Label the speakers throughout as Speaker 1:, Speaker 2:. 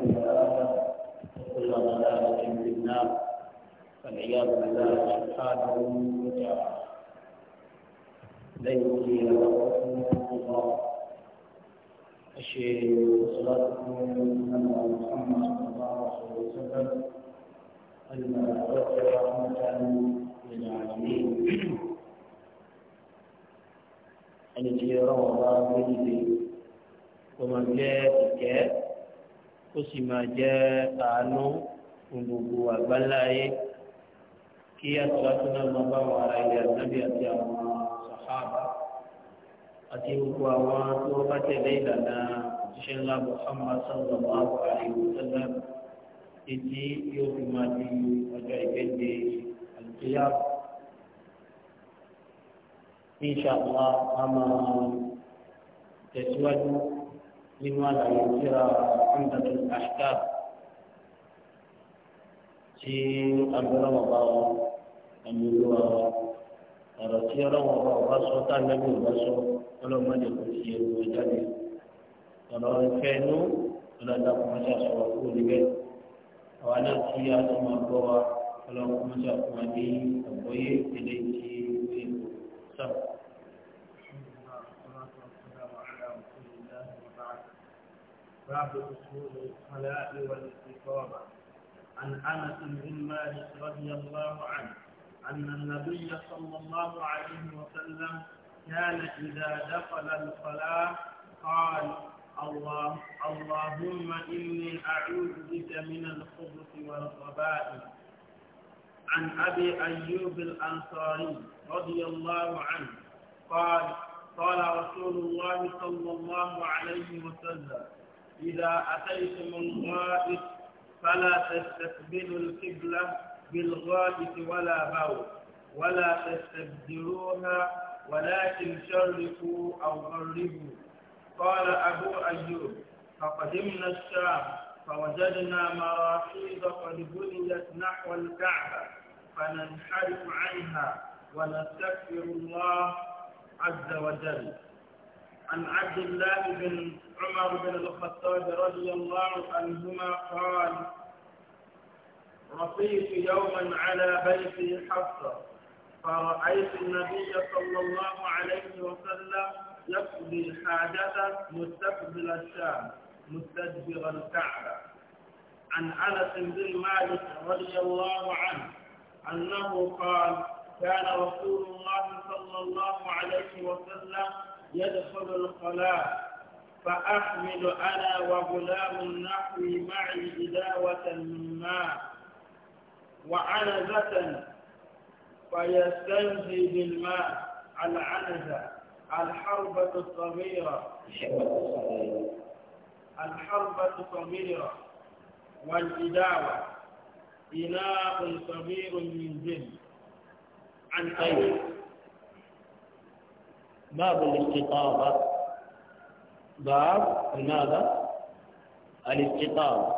Speaker 1: وكل آفة وكل ضلالة في النار والعياذ بالله سبحانه وتعالى لن يطيل الله الشيء صلاتكم على محمد صلى الله عليه وسلم المبعوث رحمة للعالمين ẹni tí ọlọ́wọ́ bá gbé níbi kó máa jẹ́ ìkẹ́ ó sì máa jẹ́ àánú fún gbogbo àgbáláyé kí àtúntò náà máa bá àwọn ará ilé àtàbí àti àwọn sàhábà àti gbogbo àwọn tí bá tẹ̀lé ìlànà òṣìṣẹ́ ńlá Muhammad sallallahu alaihi wasallam títí yóò fi máa di ọjọ́ ìgbẹ́ǹde àlùfíà. Insha Allah a máa tẹ̀síwájú nínú àlàyé síra. عمدة الأحكام tí agbẹ́rọ̀mọ̀ bá wọn ẹ̀mí olúwa wọn ọ̀rọ̀ tí ọlọ́wọ́ bá wọn bá sọ tá lẹ́bí wọn bá sọ ọlọ́mọdé kò sí ewu jáde ọ̀rọ̀ ìfẹ́ inú ọlọ́dà kò mọ́ṣá sọ wá kúrò níbẹ̀ àwa náà tí a ti máa gbọ́ باب اصول الصلاه والاستقامه عن انس بن مالك رضي الله عنه ان النبي صلى الله عليه وسلم كان اذا دخل الصلاه قال الله اللهم اني اعوذ بك من الخبث والخبائث عن ابي ايوب الانصاري رضي الله عنه قال قال رسول الله صلى الله عليه وسلم إذا أتيتم الغائط فلا تستقبلوا القبلة بالغائط ولا بول ولا تستبدلوها ولكن شرفوا أو غربوا قال أبو أيوب فقدمنا الشام فوجدنا مراحيض قد بنيت نحو الكعبة فننحرف عنها ونستغفر الله عز وجل عن عبد الله بن عمر بن الخطاب رضي الله عنهما قال رقيت يوما على بيت حفصة فرأيت النبي صلى الله عليه وسلم يقضي حاجته مستقبل الشام مستدبر الكعبة عن أنس بن مالك رضي الله عنه أنه قال كان رسول الله صلى الله عليه وسلم يدخل الخلاء فأحمل أنا وغلام النحو معي إداوة من ماء وعنزة فيستنزي بالماء العنزة الحربة الصغيرة الحربة الصغيرة والإداوة إناء صغير من جن عن أيضا باب الاستطابة باب ماذا الاستطابة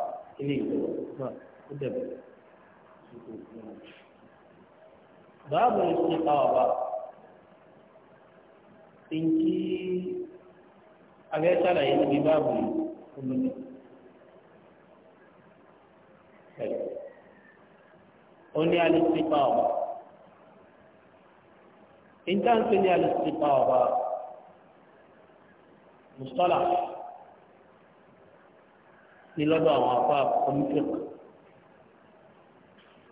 Speaker 1: باب الاستطابة إنتي أبي سأل يعني باب أمني أني الاستطابة nǹkan ń pè ní alìsípa ọba mùsọ́là ní lọ́dọ̀ àwọn afá kọ́mífìk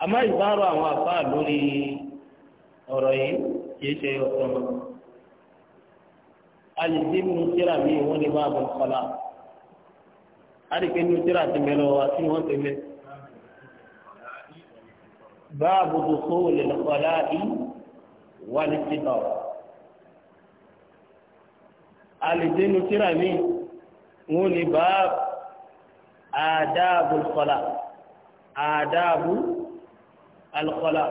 Speaker 1: àmọ́ ìbárò àwọn afá lórí ọ̀rọ̀ yìí kìí ṣe ọ̀tọ̀ mọ́ alìsí nínú tíra mi wọn ni bá bọ kọlá àdìpé nínú tíra ti mẹlẹ wa tí wọn ti mẹ báàbù dùkú lè lọkọlá yìí wal-istiqāmah alìdínú tíra mi wọn ní báàbù àdáàbul khalā' àdáàbul khalā'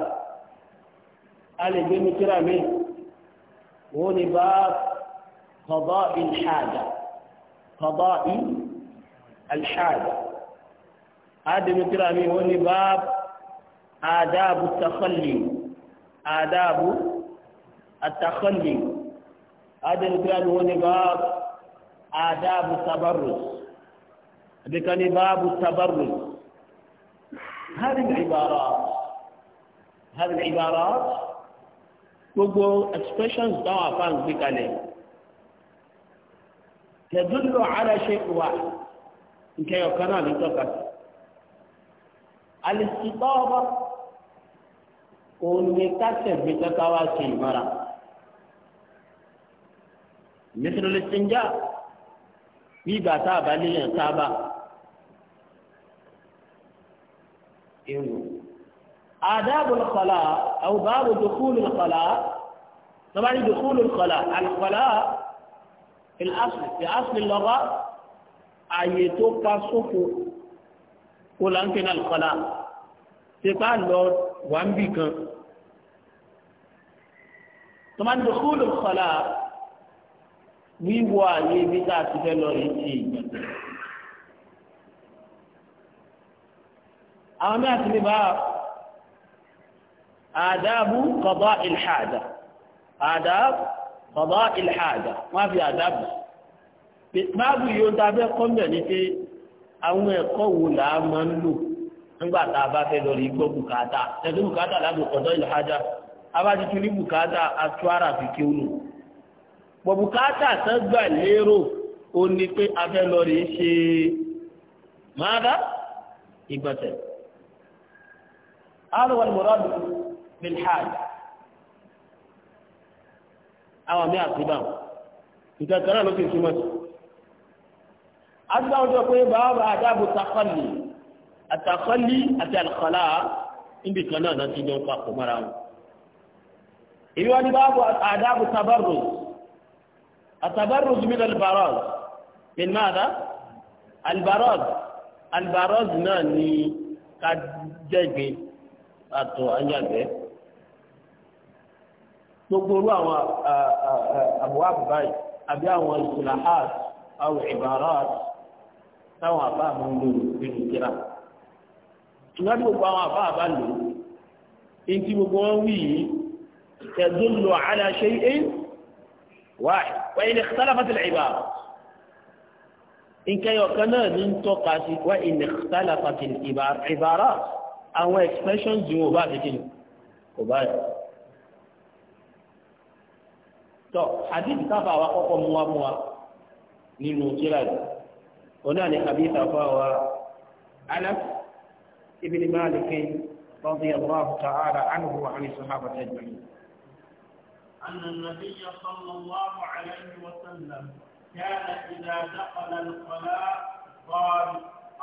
Speaker 1: alìdínú tíra mi wọn ní báàbù qadā'il hājah qadā'il hājah alìdínú tíra mi wọn ní báàbù àdáàbut takhallī àdáàbul. التخلي هذا الكلام هو نباب آداب التبرز بك نباب التبرز هذه العبارات هذه العبارات تقول expressions دوا فان بك تدل على شيء واحد إن كان يوكنا لتوقف الاستطابة قول متاسف بتكواسي المرأة mẹsìlélẹ sẹńjà bí ìgbà tá a bá léèyàn sábà irun àdáàbò lọkọlá àwòbáàbò dòkúlù lọkọlá tọ́bárí dòkúlù lọkọlá àlùkọlá ìlàsìlì lọ́wọ́ ààyè tó ká sófo kó là ń pè ní àlùkọlá tẹ́pá lọ wà ń bì kan tọ́bárí dòkúlù lọkọlá wíwọ àyè ibi tá a ti fẹ́ lọ rí sí i. àwọn mẹ́ta ti lè bá àdáàbù kọ̀dọ̀ ìlhàdà àdáàbù kọ̀dọ̀ ìlhàdà wọ́n fi àdáàbù. báàbù yóò ta fẹ́ kọ́ńbẹ̀ ni pé àwọn ẹ̀kọ́ wo là á máa ń lò nígbà tá a bá fẹ́ lọ rí gbọ́ bùkátà tẹ̀sí bùkátà lábẹ́ kọ̀dọ̀ ìlhàdà abájú tún ní bùkátà atúwárà fi kéwòn bọ̀bùkátà tán gbà lérò ó ní pé afẹ́lọ́rì ṣe máa dá ìgbọ̀tẹ̀. àwọn mọ̀rọ̀dù bilhaj àwọn mí àtúbà ìtẹ̀kẹ́ náà ló fi túmọ̀ sí. àtúbà wọn sọ pé bàbá àdáàbò takọ́lì àtakọ́lì àti àlùkọ́lá níbi kan náà náà ti jọ papọ̀ mọ́ra wọn. ìwádìí bàbá àdáàbò tabarò التبرز من البراز من ماذا البراز البراز ناني كجيبي أتو أنجابي gbogbo orú àwọn àbúwábù báyìí àbí àwọn ìsìláhàt àwọn ìbáraàt táwọn àbá àmọ́ ń lò nínú kíra ìwádìí gbogbo àwọn àbá àbá lò èyí tí gbogbo wọn wí yìí tẹ̀dúlò ala shay'in wáyé wa in ikhtalafat al-ibara nǹkan yọ̀kan náà ní ń tọ́ka sí wa in ikhtalafat al-ibara àwọn expressions yìí wọ́n bá ti kí ni kò bá yọ. tọ́ àdìsí sábà wa kọ́kọ́ mú wa mú wa nínú kíra yìí onáà ní àbí sábà wa Anas ibn Malik radiyallahu ta'ala anhu wa 'an as-sahaba ajma'in. أن النبي صلى الله عليه وسلم كان إذا دخل الخلاء قال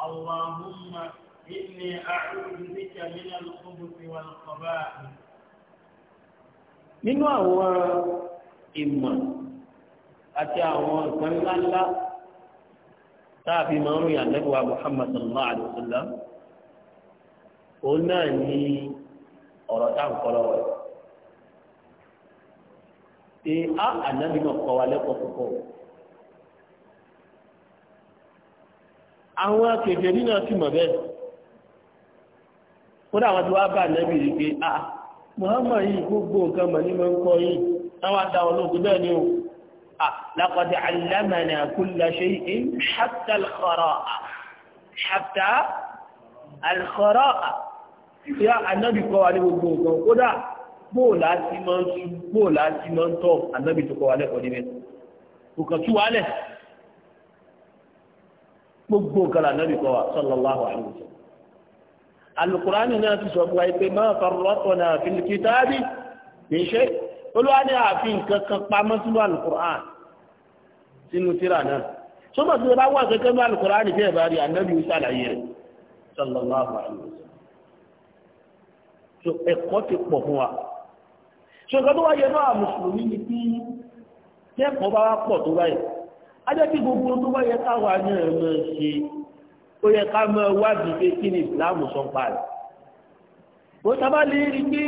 Speaker 1: اللهم إني أعوذ بك من الخبث والخبائث nínú àwọn ìmọ̀ àti àwọn nǹkan ńláńlá táàfi máa ń rìn àlẹ́bùwà Muhammad sallallahu alaihi wa sallam òun náà ní ọ̀rọ̀ táǹkọ́ lọ́wọ́ rẹ̀ pé á ànábì náà kọ́ wa lẹ́kọ̀ọ́ púpọ̀. àwọn akẹ̀kẹ́ nínú ti mọ̀ bẹ́ẹ̀ kódà wọn ti wá bá ànábì rí pé á Muhammad yìí gbogbo nǹkan mọ̀ ní mọ̀ ń kọ́ yìí táwọn adáwọn ológun bẹ́ẹ̀ ni o لقد علمنا كل شيء حتى الخراء حتى الخراء يا النبي قال لي gbogbo nǹkan kódà bó láti máa ń ṣubú bóò láti máa ń tọ́ ànábì tó kọ́ wa lẹ́kọ̀ọ́ níbẹ̀ kò kàn tú wálẹ̀ gbogbo nǹkan ànábì kọ́ wa sallallahu alaihi wasallam alukurani náà ti sọ fún wa pé ma farratna fil kitabi min shay olúwa ní ààfin nǹkan kan pamọ́ sínú alukurani sínú tírà náà sọ́mọ̀ tí wọ́n bá wà kankan ní alukurani bí ẹ̀ bá rí ànábì ó ṣàlàyé rẹ̀ sallallahu alaihi ẹ̀kọ́ ti pọ̀ fún wa ṣùgbọ́n tó wáyé náà mùsùlùmí ni pé kẹ́kọ̀ọ́ bá pọ̀ tó báyìí a jẹ́ kí gbogbo tó bá yẹ káwa náà máa ṣe ó yẹ ká máa wádìí pé kí ni ìsìláàmù sọ pa rẹ̀ bó sábà lè rí pé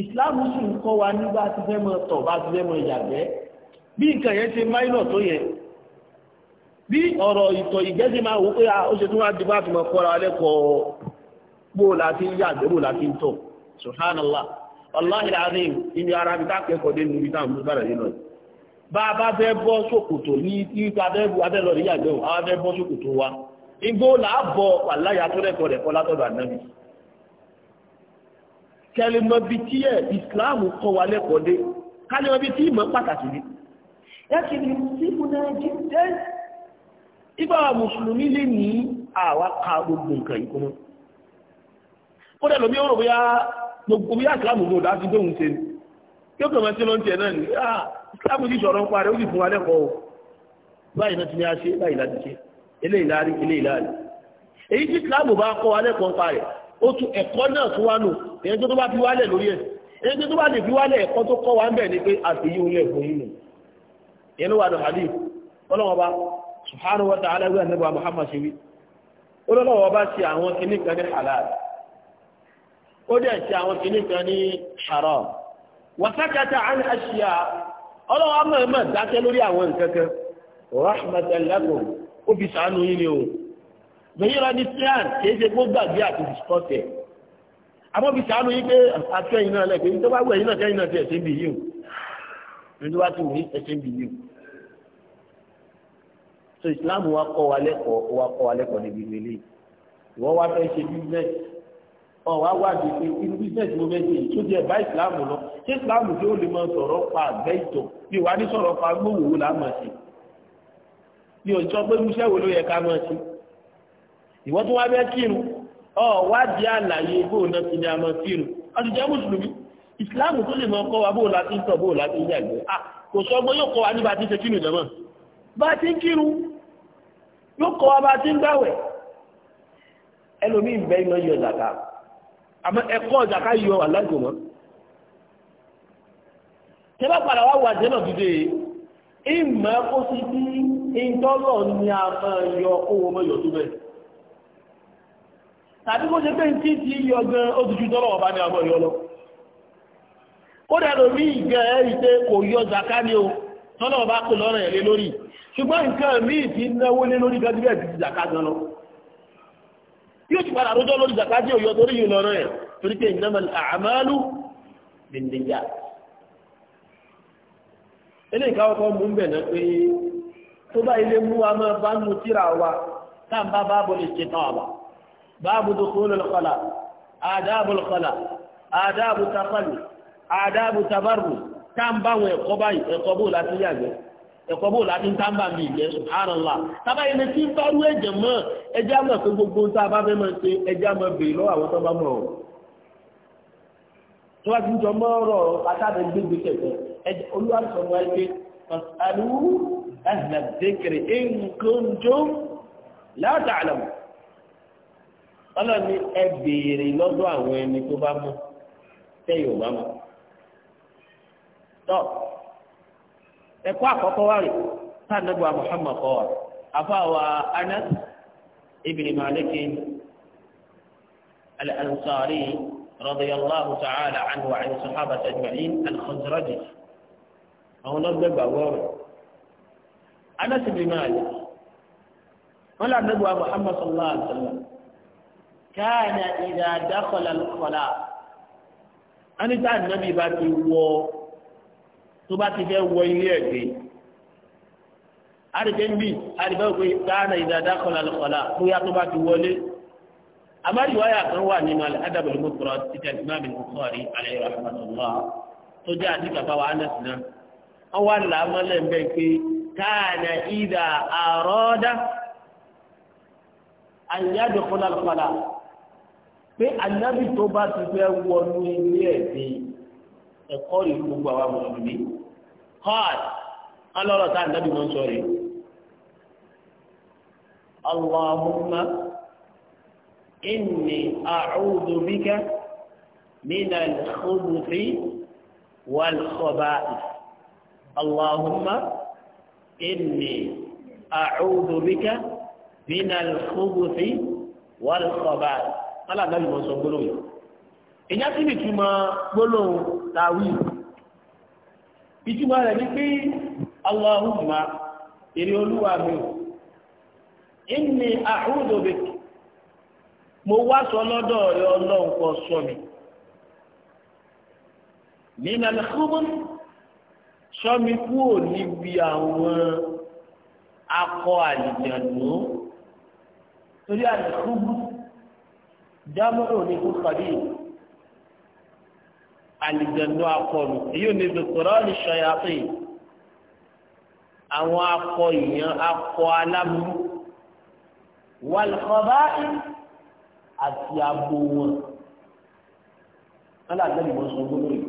Speaker 1: ìsìláàmù sì ń kọ́ wa nígbà tí fẹ́ máa tọ̀ bá ti fẹ́ máa yàgbẹ́ bí nǹkan yẹn ṣe máìlọ̀ tó yẹ bí ọ̀rọ̀ ìtọ̀ ìgbẹ́sí máa wò pé ah, ó ṣe tún wá di bá kọ́ra lẹ́kọ̀ọ́ bó la yàgbẹ́ bó la ń tọ̀ subhanallah ọlọ́hì láàrin ibi ara bí káàkẹ́kọ̀ọ́ dé níbi táwọn mú bára yìí lọ bá a bá fẹ́ bọ́ ṣòkòtò ní ipa abẹ́bù abẹ́lọ ní yàgbẹ́ àwọn abẹ́ bọ́ ṣòkòtò wa igbó làábọ̀ wàláyà tó rẹ̀kọ̀ rẹ̀ kọ́ látọ̀dọ̀ ànábì kẹlẹ́mọ bí tí ẹ̀ ìsìláàmù kọ́ wa lẹ́kọ̀ọ́ dé kálẹ́mọ mùsùlùmí lè ní àwa gbogbo nǹkan ìkọ́mọ́ ó dẹ̀ lómi ó rò bóyá gbogbo bí àsìlámù gbòdò á ti dóhùn ṣe ni kí ó kàn máa ṣe ló ń tiẹ̀ náà ni àsìlámù ah, ti sọ̀rọ̀ ń parẹ́ ó sì fún wa lẹ́kọ̀ọ́ o báyìí náà ti ní a ṣe báyìí láti ṣe eléyìí láàrí eléyìí láàrí èyí tí ìsìlámù bá kọ́ wa lẹ́kọ̀ọ́ ń parẹ́ ó tún ẹ̀kọ́ náà tún wá nù èyí tó bá fi wálẹ̀ lórí ẹ̀ èyí tó bá lè fi wálẹ̀ ẹ̀kọ́ tó kọ́ wa ń bẹ̀ ni pé muhammad ṣe wí ọlọ́wọ́ bá ṣe àwọn kìnnìkan ní ó dẹ̀ ṣe àwọn kìíní kan ní dákẹ́ lórí àwọn ó fi o gbẹ̀yìn rani sian kìí ṣe gbogbo àgbé àti dìsítọ́tẹ̀ àmọ́ fi sàánú yín pé àtúnyìn náà lẹ́gbẹ̀ẹ́ nítorí wàá wẹ̀yìn náà kẹ́yìn náà ti ẹ̀sìn bì yìí o nítorí wàá ti wù ẹ̀sìn bì ọ̀wá wádìí pé inú bísẹ̀sì mo fẹ́ ṣe tó jẹ́ bá ìsìláàmù lọ ṣé ìsìláàmù tí ó lè máa sọ̀rọ̀ pa àgbẹ̀ ìtọ̀ bí wàá ní sọ̀rọ̀ pa gbówòwò láàmọ̀ sí ní òjò pé iṣẹ́ wo ló yẹ ká máa ṣe ìwọ́n tó wá bẹ́ kírun ọ̀wá di àlàyé bóun náà ti ní a máa kírun a ti jẹ́ mùsùlùmí ìsìláàmù tó lè máa kọ́ wa bóun láti ń tọ̀ bóun láti ń yàgbẹ́ kò sọ ọgbọ́n yóò kọ́ wa nípa ti ṣe kírun ìjọba bá ti ń àmọ́ ẹ̀kọ́ ọ̀jà ká yọ aláìkò mọ́ tẹ́ bá padà wá wà jẹ́nà dìde ìmọ̀ kó sí bí ìtọ́lọ̀ ni a máa yọ owó mọ́yọ̀ tó bẹ̀ tàbí kó ṣe pé ní títí yọ gan ojújú tọ́lọ̀ ọba ni a mọ̀ yọ lọ ó dẹ̀rọ mí ìgbẹ́ ẹ̀rí pé kò yọ zaka ni o tọ́lọ̀ ọba kò lọ́rọ̀ ẹ̀ lé lórí ṣùgbọ́n nǹkan míì ti náwó lé lórí gan yóò ti padà rojọ́ lórí zakati òyò torí yìí lọ́rọ́ yẹn torí pé innamal a'malu binniyat. eléyìí káwọn kan mú bẹ̀ náà pé tó bá ilé mú wa máa bá nu tíra wa táà bá báàbò lè ṣe tán àbá báàbò tó kó lọ́lọ́ àdáàbò kọlà àdáàbò tafalu àdáàbò tabaru táà bá àwọn ẹ̀kọ́ báyìí ẹ̀kọ́ bó láti yàgbẹ́ ẹ̀kọ́ bó láti ń tábà mi ìyẹn subhanallah tábà yẹn tí ń bá rú ẹ̀jẹ̀ mọ́ ẹjẹ́ àmọ̀ pé gbogbo tá a bá fẹ́ máa ṣe ẹjẹ́ àmọ̀ bèè lọ́wọ́ àwọn tó bá mọ̀ ọ́ tó bá ti ń jọ mọ́ ọ̀rọ̀ pátádé gbégbé kẹ̀kẹ́ ẹjẹ́ olúwaṣọ mọ́ ẹgbẹ́ ọ̀sánú ahla dhikri in kuntum la ta'lamun ọlọ́ni ẹ béèrè lọ́dọ̀ àwọn ẹni tó bá mọ̀ ẹ̀kọ́ àkọ́kọ́ wa rè sànàbù Muhammad kọ́ wa afáwa Anas ibn Malik al-Ansari radiyallahu ta'ala anhu wa an sahaba tajma'in al-Khazraji àwọn ọlọ́gbẹ́ gbàgbọ́ rẹ̀ Anas ibn Malik wọn là nàbù Muhammad sallallahu alaihi wa sallam káàna ìdá dákọ̀lá kọ́lá anita nàbì bá ti wọ́ tó bá ti fẹ́ wọ ilé ẹ̀gbẹ́ àrídé ń bì àrídé òkè káàna ìdàdà kọlà lọkọlà bóyá tó bá ti wọlé amadu wáyà kan wà nínú alẹ adabọlẹ mọtòrọ títẹ ìmáàmì Bukhari alayhi rahmatullah tó jẹ àdìgbàfà wa anas náà wọn wá làámọlẹ ń bẹ pé káàna ìdà àrọdá àyàdò kọlà lọkọlà pé anabi tó bá ti fẹ́ wọnú ilé ẹ̀gbẹ́ ẹ̀kọ́ rí gbogbo àwa mùsùlùmí. قال قال رسول النبي منصوري اللهم إني أعوذ بك من الخبث والخبائث اللهم إني أعوذ بك من الخبث والخبائث قال النبي منصوري إن يأتي بكما قولوا تاويل ìtumọ̀ rẹ̀ ní pé Allahumma èrè olúwa mi inni a'udhu bik mo wá sọ lọ́dọ̀ rẹ ọlọ́run kọ sọ mi nínú al-khubuth sọ mi kúrò níbi àwọn akọ àlìjànú torí al dámọ́rò ní kúkàdé yìí àlìjẹ̀lú akọlù èyí ò ní dòkòrò ní ṣọyàtì àwọn akọ ìyàn akọ aláburú wàlùkọ́bá àti abo wọn wọn làgbẹ́ ìwọ̀n sọ gbọ́dọ̀ yìí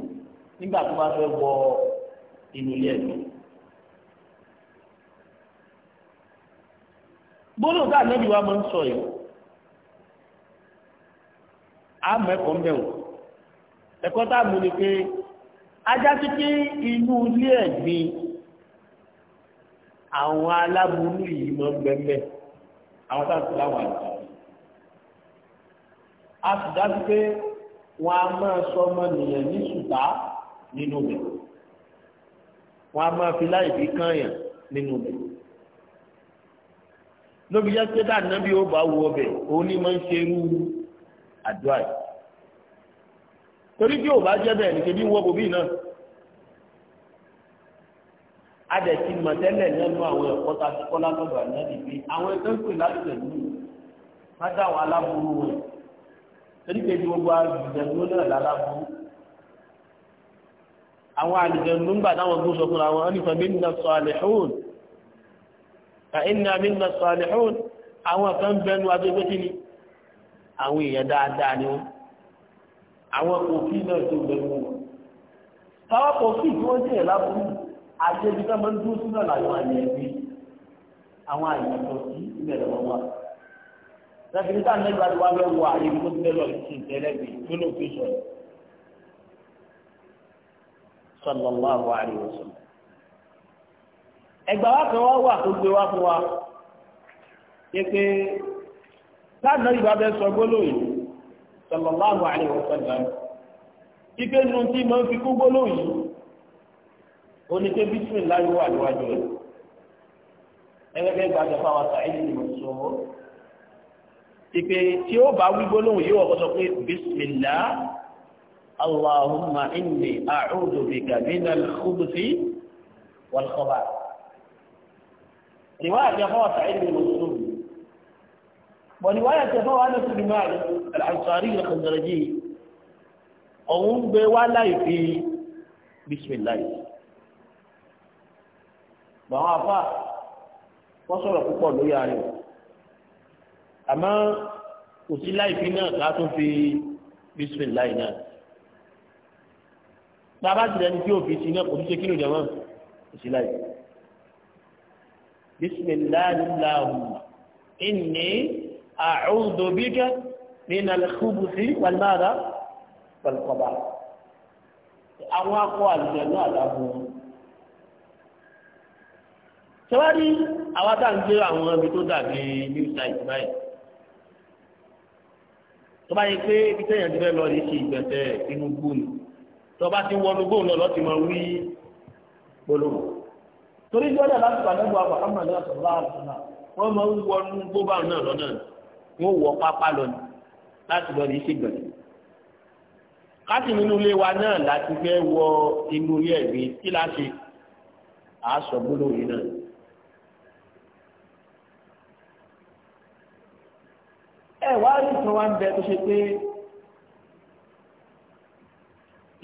Speaker 1: nígbà tó bá fẹ́ wọ inú ilé ẹ̀dùn. gbọ́dọ̀ tá àlẹ́ ìwà máa ń sọ yìí á mẹ́kọ̀ọ́ mẹ́wọ̀n ẹ̀kọ́ tá a mú ni pé ajá títí inú ilé ẹ̀gbin àwọn aláburú yìí mọ́ gbẹ́mẹ́ àwọn tá a ti láwọn àjọ a sì dájú pé wọn a máa sọ ọmọ nìyẹn ní ṣùtá nínú rẹ̀ wọn a máa fi láì fi kànyàn nínú rẹ̀ lóbi yẹn pé dáadáa bí ó bá wọ ọbẹ̀ òun ni máa ń ṣe irú àdúrà yìí torí bí ò bá jẹ́ bẹ́ẹ̀ nìkan bí ń wọ bòbí náà adẹ̀tí mọ̀tẹ́lẹ̀ lẹ́nu àwọn ẹ̀kọ́ ta ti kọ́ látọ̀dọ̀ ànábì pé àwọn ẹ̀kọ́ ń pè lálùjẹ̀ ní májá àwọn aláburú wọn torí pé bí gbogbo àlùjẹ̀ ló náà láláburú àwọn àlùjẹ̀ ló ń gbà táwọn gbó sọ fúnra wọn nípa bí nínú sọ àlẹ́hún ka iná mi nínú sọ àlẹ́hún àwọn kan bẹnu abẹ́gbẹ́ ni àwọn èèyàn dáadáa ni wọn àwọn kòfí náà tó gbẹ̀rù wọn táwọn kòfí tí wọ́n jẹ́ lábúrú àti ẹbí tó máa ń dúró sínú àlàyé àyè ẹbí àwọn àyè ìtọ́sí ìbẹ̀rẹ̀ wọn wà lẹ́bi níta nígbà tí wọ́n fẹ́ wọ àyè tó ti lọ sí ìtẹ́lẹ́gbẹ̀ tó ló fi sọ̀rọ̀ sallallahu alaihi wasallam ẹgbà wa kan wá wà tó gbé wá fún wa pé pé táà náà ìbá bẹ sọ gbólóyìn sallallahu alayhi wa sallam ike nu tí mo fi kú gbólóhùn yìí oníke bismillah wà níwájú rẹ̀ ẹgbẹ́gbẹ́ gbàgbọ́ fáwọn sàìlì ni mo sọ ọ́ ìpè tí ó bá wí gbólóhùn yìí wọ̀ sọ pé bismillah allahumma inni a'udhu bika minal khubuthi wal khabath. riwaya àti afọwọ́ ni mo sọ ورواية هو أنس بن مالك الأنصاري الخزرجي أقوم بولا في بسم الله ما عفا وصل قول له يعني أما وسيل الله في ناس لكن في بسم الله ناس bàbá ti dẹni tí o fi sinú kò ní ṣe kílò jẹmọ òsìlá yìí bisimilahi lahu inni أعوذ بك من الخبث والماذا والقبائح àwọn akọ àlùjẹ̀nú àdábò tẹ́wárí àwọn tá ń gbé àwọn ibi tó dàbí new site báyìí tó bá yẹ pé ibi tẹ́yàn ti fẹ́ lọ rí sí ìgbẹ̀tẹ̀ inú gbóòlù tó bá ti wọnú gbóòlù lọ lọ́ti máa wí polówó torí jọ́dá láti pàdé àwọn àmàlẹ́ àtọ̀lá àtọ̀lá wọ́n máa ń wọnú gbóbá náà lọ́nà wọ́n wọ pápá lọ ní láti lọ ní ṣègbọ̀n. káàtì nínú ilé wa náà láti fẹ́ wọ inú ilé ẹ̀gbẹ́ kí láti àásọ gbólóhùn náà. ẹ wá rí kan wá ń bẹ tó ṣe pé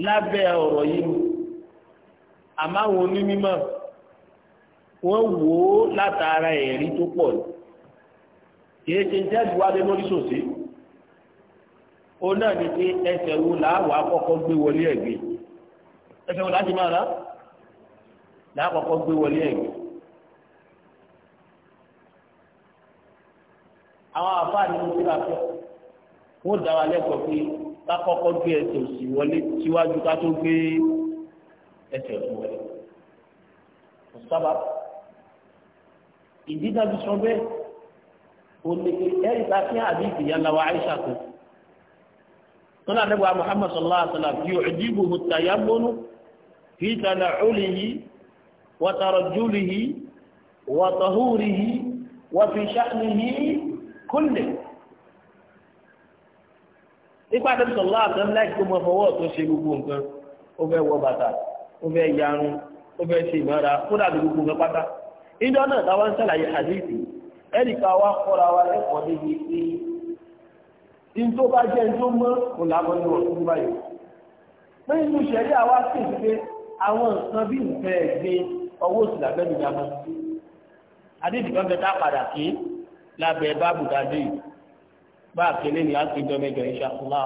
Speaker 1: lábẹ́ ọ̀rọ̀ yìí àmáwọn onímọ̀ wọ́n wò ó látara ẹ̀rí tó pọ̀ ní kìí ṣe ń tẹ́lẹ̀ wálé lórí sòsí ó náà ní pé ẹsẹ̀ wo làwọn akọ́kọ́ gbé wọlé ẹ̀gbẹ́ ẹsẹ̀ wo láti máa rà làwọn akọ́kọ́ gbé wọlé ẹ̀gbẹ́. àwọn àbá ni mo ti rà fẹ́ wọ́n dá wa lẹ́kọ̀ọ́ pé ká kọ́kọ́ gbé ẹsẹ̀ òsì wọlé síwájú ká tó gbé ẹsẹ̀ òsì wọlé. ọ̀sábà ìdí dájú sọ bẹ́ẹ̀. oníke ẹ̀rí ta fi hàn àdìsí Aisha tó tọ́lá nígbà Muhammad sallallahu alaihi wa sallam yóò ìdìbò mùtàyàmónú fi tànà ọ̀lì yìí wàtàrọ̀ júlì yìí wàtàhúrì yìí wàfi sàánì yìí kúnlẹ̀. nípa àdìsí sallallahu alaihi wa sallam láì tó fọwọ́ tó ṣe gbogbo nǹkan ó fẹ́ wọ bàtà ó fẹ́ ẹnìkan wa kọ́ra wa lẹ́kọ̀ọ́ débi pé ntó bá jẹ́ ntó mọ́ kò lábọ́ ní ọ̀tún báyìí. pé inú ìṣẹ̀lẹ̀ àwa sì ń pé àwọn nǹkan bí nǹkan ẹ̀gbin ọwọ́ òsì lábẹ́ mi yá mọ́. adédìgbọ́n bẹ tá padà ké lábẹ́ báàbù dájú yìí bá a kéde ní àpéjọ mẹ́jọ ìṣàkóso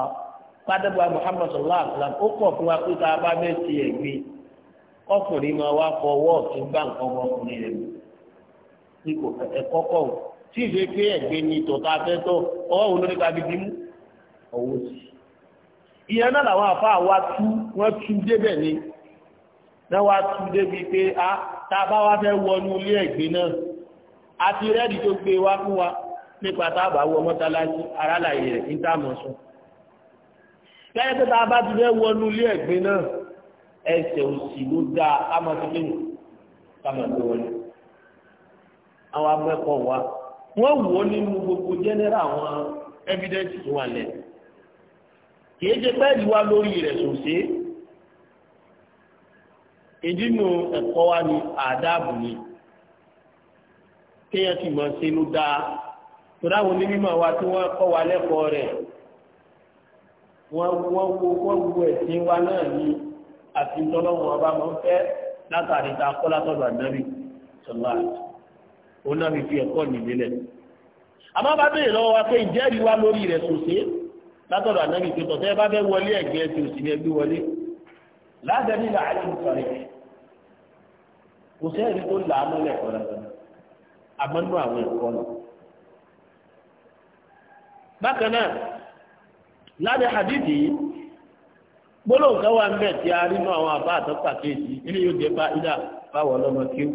Speaker 1: pàdébà Muhammad sallallahu alaihi wa sallam ó kọ̀ fún wa pé tá a bá mẹ́sì ẹ̀gbin ọkùnrin máa wá fọwọ́ ọ̀tún gbá nǹkan ọmọkùnrin rẹ̀ mọ́ ní kò fẹ́ ẹ̀kọ́ kọ̀ o tí ìwé pé ẹ̀gbẹ́ ni tòótọ́ afẹ́tọ́ ọwọ́ wo lórí kábí bímú ọwọ́ sí i ìyẹn náà làwọn àfa wa tú wọ́n tú débẹ̀ ni náà wá tú débi pé a tá a bá wá fẹ́ wọnú ilé ẹ̀gbẹ́ náà a ti rẹ́ẹ̀dì tó gbé wá fún wa nípa tá a bá wọ mọ́tálásí aráàlàyé rẹ̀ ní táàmù sùn lẹ́yìn tó tá bá ti fẹ́ wọnú ilé ẹ̀gbẹ́ náà ẹsẹ̀ òsì ló dáa ká máa léwu ká máa wọlé àwọn akẹ́kọ̀ọ́ wa wọ́n wò ó nínú gbogbo jẹ́nẹ́rà àwọn evidence tó wà lẹ̀ kìí ṣe pẹ́ẹ́lí wa lórí rẹ̀ sòṣe ìdínú ẹ̀kọ́ wa ni àdáàbò ni kéèyàn ti mọ̀ sí ló dáa tòdá àwọn onímọ̀ wa tí wọ́n kọ́ wa lẹ́kọ̀ọ́ rẹ̀ wọ́n wọ́n wo wọ́n wo ẹ̀sìn wa náà ni àti ìtọ́lọ́wọ́n ọba máa fẹ́ látàrí ta kọ́ látọ̀dọ̀ àdánù sọ̀rọ̀ àti òun náà fi fi ẹ̀kọ́ nìlélẹ̀ àmọ́ bá béèrè lọ́wọ́ wa pé ìjẹ́rìí wa lórí rẹ̀ sòsé látọ̀dọ̀ ànábì pé tọ̀tẹ́ ẹ bá fẹ́ wọlé ẹ̀gbẹ́ ti òsì ní ẹbí wọlé láàbẹ̀ nílà àìsàn sọ̀rẹ̀ kò sẹ́ẹ̀rí tó là á mọ́lẹ̀ ẹ̀kọ́ lọ́sọ̀rọ̀ àmọ́ nú àwọn ẹ̀kọ́ nù. bákan náà lábẹ́ hadithi gbólóhùn kan ń bẹ̀ tí a rí mọ́ àwọn àbá àtọ́pàkéèjì ilé yóò jẹ́ bá ilé àbáwọ̀ kéwù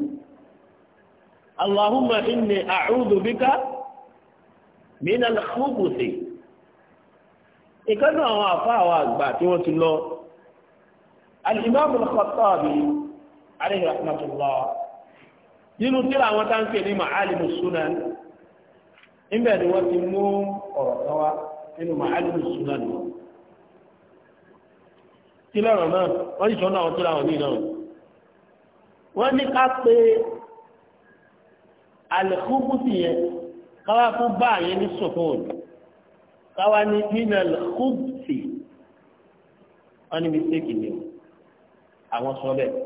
Speaker 1: اللهم إني أعوذ بك من الخبث ìkánná àwọn àfáàwà àgbà tí wọ́n ti lọ al-Imam al-Khattabi alayhi rahmatullah nínú tíra àwọn táǹkì ní ma'alimu sunan níbẹ̀ ni wọ́n ti mú ọ̀rọ̀ kan wá nínú ma'alimu sunan wọn tí lọ́rọ̀ náà wọ́n sì sọ́nà àwọn tíra wọn ní náà wọ́n ní ká pé alẹ́kùnkù sì yẹn káwá fún bá yẹn ní sòfòòlù káwá ní minal khubsi wọ́n ní mistake ni o àwọn sọ bẹ́ẹ̀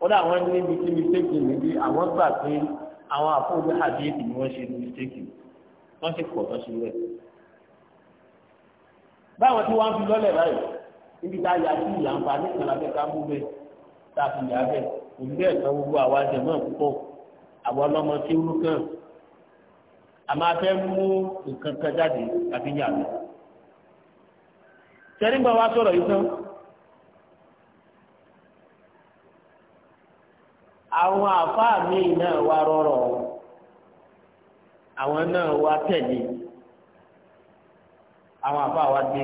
Speaker 1: kódà àwọn níbi tí mistake ni bí àwọn gbà pé àwọn àfọwọ́gbé àdéhùn ni wọ́n ṣe mistake wọ́n sì pọ̀ lọ́sí rẹ̀ báwọn tí wọ́n fi lọ́lẹ̀ báyìí níbi tá a yà sí ìyànfà nípa làbẹ́ká mú bẹ́ẹ̀ tá a fi yà bẹ́ẹ̀ òun bẹ́ẹ̀ tán gbogbo àwa jẹ̀ púpọ̀ àwọn ọlọ́mọ tí ó lókàn a máa fẹ́ mú nǹkan kan jáde àfi ní àná tẹ́rígbà wa sọ̀rọ̀ yìí tán àwọn àfáà míì náà wá rọrọ̀ àwọn náà wá tẹ̀lé àwọn àfáà wá dé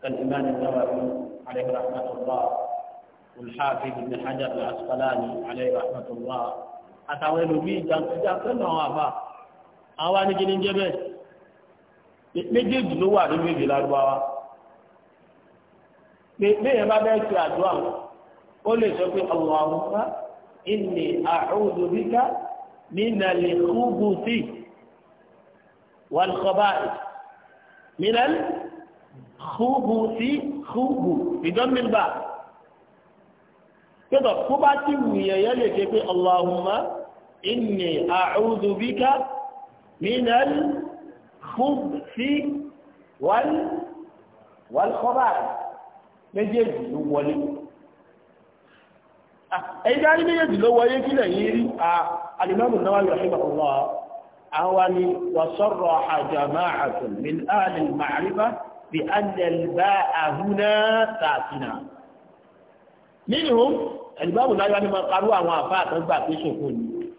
Speaker 1: kàlíbánì náà wà fún alẹ́ rahmatullah olùhàfíì ibn hajar al-asqalani alẹ́ rahmatullah àtàwọn ẹlòmíì jàǹtìjà pẹ̀lú àwọn àbá àwọn wa ní kí ni jẹ́ bẹ́ẹ̀ méjèèjì ló wà nínú èdè lárúbáwá pèpè yẹn bá bẹ́ẹ̀ ṣe àdúrà ó lè sọ pé Allahumma inni a'udhu bika minal khubuthi wal khaba'ith minal khubuthi khubu ìdánmìlbà pẹ̀tọ̀ kó bá ti wù yẹn lè ké pé Allahumma. إني أعوذ بك من الخبث وال والخبار من جد الولي اي آه، إيه قال من جد الولي كذا يري آه، الإمام ل النووي رحمه الله أ وصرح جماعة من اهل المعرفة بأن الباء هنا ف منهم الباء لا يعني ما قالوا ا ن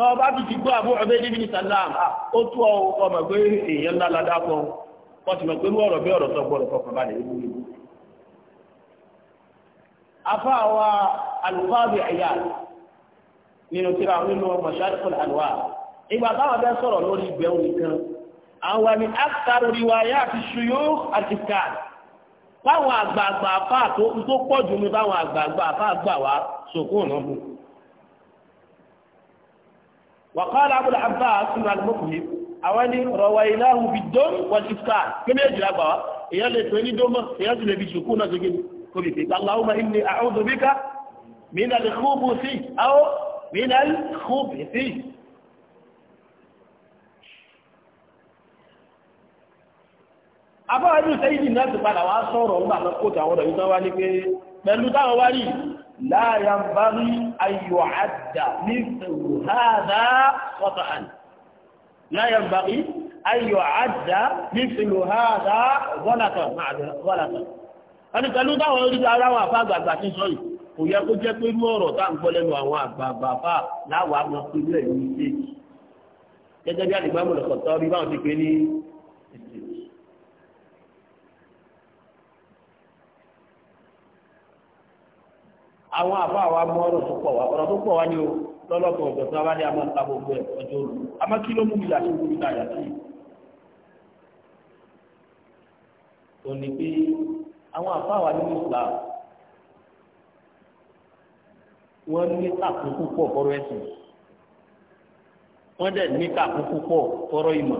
Speaker 1: tọ́ bá fi ti gbọ́ Abu Ubayd ibn Salam ah, ó tú ọ ọmọ pé èèyàn ńlá la dákọ̀ wọ́n ti mọ̀ pé wọ́ọ̀rọ̀ bí ọ̀rọ̀ sọ gbọ́dọ̀ kọkàn balẹ̀ ewu ewu. afa wa alufaabi ẹ̀yà nínú kíra nínú mọ̀ṣálífọ̀lì àlùwà ìgbà táwọn bẹ́ẹ̀ sọ̀rọ̀ lórí ìgbẹ́wò nìkan àwọn ni akitaru riwaya àti ṣuyó àti káàdì báwọn àgbààgbà afa tó pọ̀ jù ní báwọn àgbààgbà afa gbà wá sòkó ọ̀nà وقال عبد العباس بن المقهم أولي رويناه بالدم والإفكار كم يجري أبا يلي توني دم يجري بشكونا زجين كبيتك اللهم إني أعوذ بك من الخوب الخبث أو من الخوب الخبث أبا أبو سيدي الناس قال وأصور الله لقوة أولا يتوالي pẹ̀lú táwọn wárí لا ينبغي أن يعد مثل هذا خطأ لا ينبغي أن يعد مثل هذا غلطا غلطا ẹni pẹ̀lú táwọn orí ara wọn àfáàgbà àgbà tí sọ́rì kò yẹ kó jẹ́ pé irú ọ̀rọ̀ tá ń gbọ́ lẹ́nu àwọn àgbààgbà láwàá wọn pé ní ṣéèkì àwọn àbá wa mú ọ̀rọ̀ tó pọ̀ wá ọ̀rọ̀ tó pọ̀ wá ní o lọ́lọ́pọ̀ ọ̀dọ̀ tó wá ní àmọ́ ta gbogbo ẹ̀ ọjọ́ òru àmọ́ kí ló mú mi láti wú níta yà sí. ò ní pé àwọn àbá wa nínú Islam wọ́n ní àkókò pọ̀ fọ́rọ̀ ẹ̀sìn wọ́n dẹ̀ ní àkókò pọ̀ fọ́rọ̀ ìmọ̀.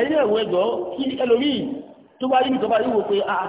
Speaker 1: ẹ̀yẹ́ ìwé ẹ̀gbọ́ kí ẹlòmíì tó bá yí mi tó bá yí wò pé a ah,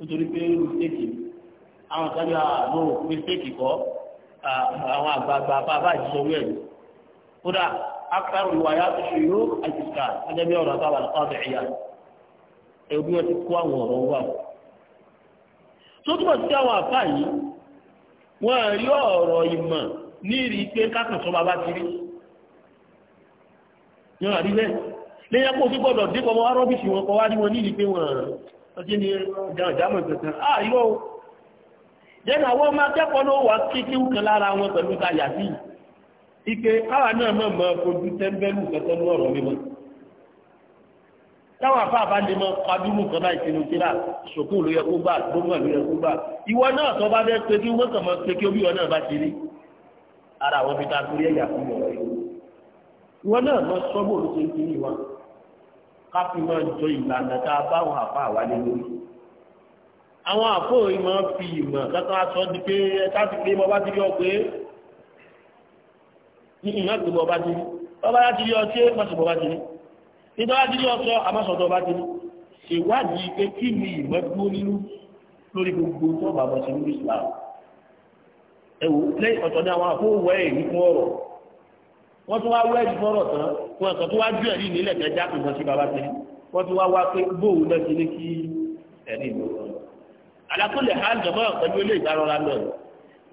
Speaker 1: nítorí pé mistake àwọn kan yà ló ah, mistake kọ́ ah, àwọn àgbààgbà bàbá àjíṣọwé ẹ̀ kódà akitari wàyà tó ṣe yóò àjùkà ajẹ́bí ọ̀rọ̀ àtàwọn àlùkọ́ àbẹ̀yà ẹ̀rù bí wọ́n ti kó àwọn ọ̀rọ̀ wà wọ́n tó túbọ̀ sí àwọn àfà yìí wọ́n rí ọ̀rọ̀ ìmọ̀ ní ìrí pé kákàtọ́ bàbá ti rí yọ́n àrí lẹ́yìn pé gbọ́dọ̀ dé pọ̀ wá rọ́bìsì wọn kọ́ wá rí wọn ní ìrí pé wọ́n ọjí ni ìjàmọ̀ ìpẹ̀sẹ̀ ah yóò jẹ́nà àwọn ọmọ akẹ́kọ̀ọ́ ló wà kíkí wùkẹ́ lára wọn pẹ̀lú tayà sí ike káwà náà mọ̀ mọ̀ fojú tẹ́ńbẹ́lù kẹtọ́ ní ọ̀rọ̀ mímọ́ táwọn afá bá lè mọ kọdúrú kan láì sínú tíra ṣòkú ló yẹ kó gbà gbóngbà ló yẹ kó gbà ìwọ náà tó bá fẹ́ pé kí wọ́n kàn mọ́ pé kí omi ìwọ náà bá ti rí ara àwọn fi ta torí ẹ̀yà fún ìwọ náà lọ sọ́gbó olùsèǹtì ní ìwà káfí máa jọ ìlànà tá a bá wọn àfa àwa lé lórí. àwọn àfọ ìmọ̀ fi ìmọ̀ kátó aṣọ di pé ẹ̀ka ti pé bọ́bá ti rí ọ pé ìmọ̀ gbé bọ́bá ti rí bọ́bá ti rí ọ tí ó mọ̀sọ̀ bọ́bá ti rí nígbà wá ti rí ọsọ àmọ́sọ̀tọ̀ bá ti rí ṣèwádìí pé kí ni ìmọ̀ dúró nínú lórí gbogbo tó bàbá ti rí Islam ẹ̀wò lẹ́yìn ọ̀tọ̀ ni àwọn àfọ òwò ẹ̀rí fún ọ̀rọ̀ wọ́n tún wá wẹ́ẹ̀dì fọ́rọ̀ tán kí wọ́n sọ tó wá ju ẹ̀rí nílẹ̀ kẹjá kò mọ̀ sí baba tẹ̀lé wọ́n tún wá wá pé bóòwù náà ti ní kí ẹ̀rí ìlú kan. àlàkùnlé ha ń jọmọ́ pẹ̀lú ilé ìgbàlọ́ra náà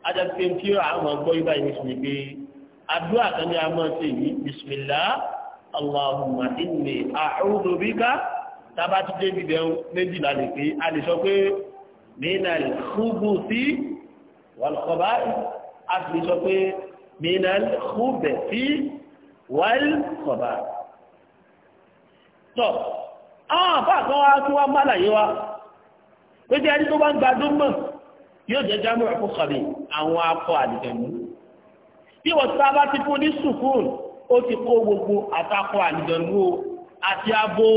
Speaker 1: adàpé tí àwọn gbọ́ yìí báyìí nísìnyí pé àdúrà kan ní ṣe yìí bisimilá allahumma inni a'udhu bika tába ti dé a sì sọ pé من الخبث والخبائث tọ́ àwọn àfáà kan wá tí wọ́n málàyé wá pé jẹ́ ẹni tó bá ń gba dúnmọ̀ yóò jẹ́ jámù ẹ̀kọ́ kàrí àwọn akọ àdìjẹ̀mú bí wọ́n tí bá ti fún ní sùkúrù ó ti kó gbogbo àtakọ o àti abo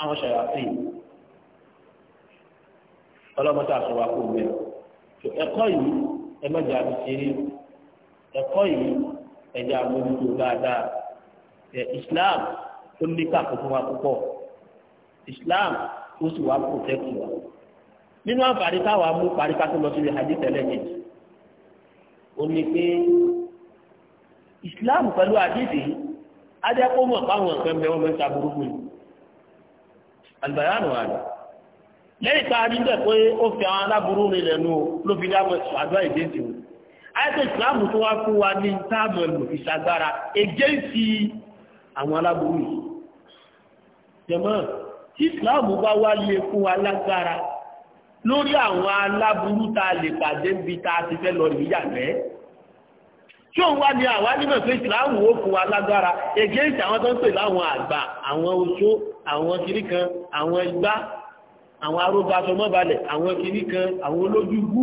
Speaker 1: àwọn ṣàyàfẹ́ ọlọ́mọta àṣọwà kò mẹ́ ẹ̀kọ́ yìí ẹ mọ́jà àti ṣeré ẹ̀kọ́ yìí ẹ̀jẹ̀ àbójútó dáadáa ẹ̀ Islam tó ní kàkó fún wa púpọ̀ Islam tó sì wá pòtẹ́kì wa nínú àǹfààní táwa mú parí ká tó lọ síbi hadith ẹlẹ́gẹ̀dì ó ní pé Islam pẹ̀lú àdìsí adẹ́kọ́ mọ̀ fáwọn nǹkan bẹ́ẹ̀ wọ́n mẹ́ta burúkú yìí àlùbáyánù àlù lẹ́yìn tá a rí bẹ́ẹ̀ pé ó fi àwọn aláburú rẹ̀ lẹ́nu ló fi dá àdúrà ìdíje o ayẹ́tẹ̀ ìsìláàmù tó wá fún wa ní táàmù ẹ̀lù ìṣàgbára egéǹsì àwọn aláboyún yìí jẹ̀mọ́ tí ìsìláàmù bá wá lè fún wa lágbára lórí àwọn aláburú tá a lè pàdé bí tá a ti fẹ́ lọ níyàgbẹ́ tí òun wá ní àwa nímọ̀ pé ìsìláàmù ó fún wa lágbára egéǹsì àwọn tó ń pè láwọn àgbà àwọn oṣó àwọn kirikan àwọn igbá àwọn arógbàsọmọ́balẹ̀ àwọn kirikan àwọn olójúgbú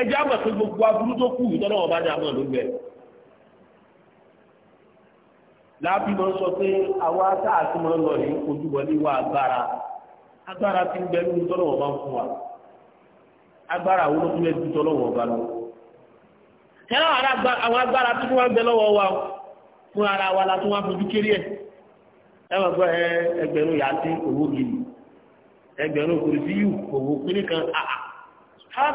Speaker 1: ẹjẹ́ agba pé gbogbo aburú tó kù ìtọ́nà ọba ní àmọ̀ ló bẹ̀. láàbí máa ń sọ pé àwa tá a ti máa ń lọ yìí ti ń bẹ nínú ìtọ́nà ọba ń fún wa agbára àwọn olóṣèlú ẹbí ìtọ́nà ọba lọ. ẹ àwọn agbára tó tún ń bẹ lọ́wọ́ wa fún ara wa la tún wá fojú kéré ẹ̀ ẹ máa gbọ́ ẹgbẹ̀rún yàtí owó gidi ẹgbẹ̀rún kùrìsíyù owó kan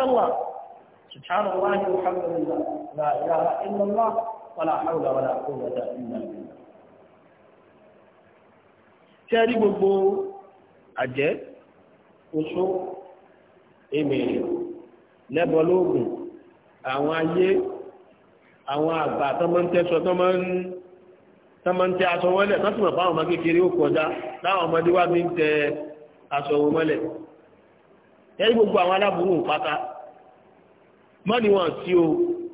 Speaker 1: سبحان الله والحمد لله لا إله إلا الله ولا حول ولا قوة إلا بالله ṣẹ́rí gbogbo àjẹ́ oṣó èmèrè lẹ́bọ̀ lóògùn àwọn ayé àwọn àgbà tó máa ń tẹ́sọ tó máa ń tẹ́ aṣọ wọ́lẹ̀ tó sì mọ̀ fáwọn ọmọ kékeré ó kọjá láwọn ọmọdé wá ní tẹ aṣọ wọ́lẹ̀ ṣẹ́rí gbogbo àwọn aláburú pátá mọ́ni wọn sí o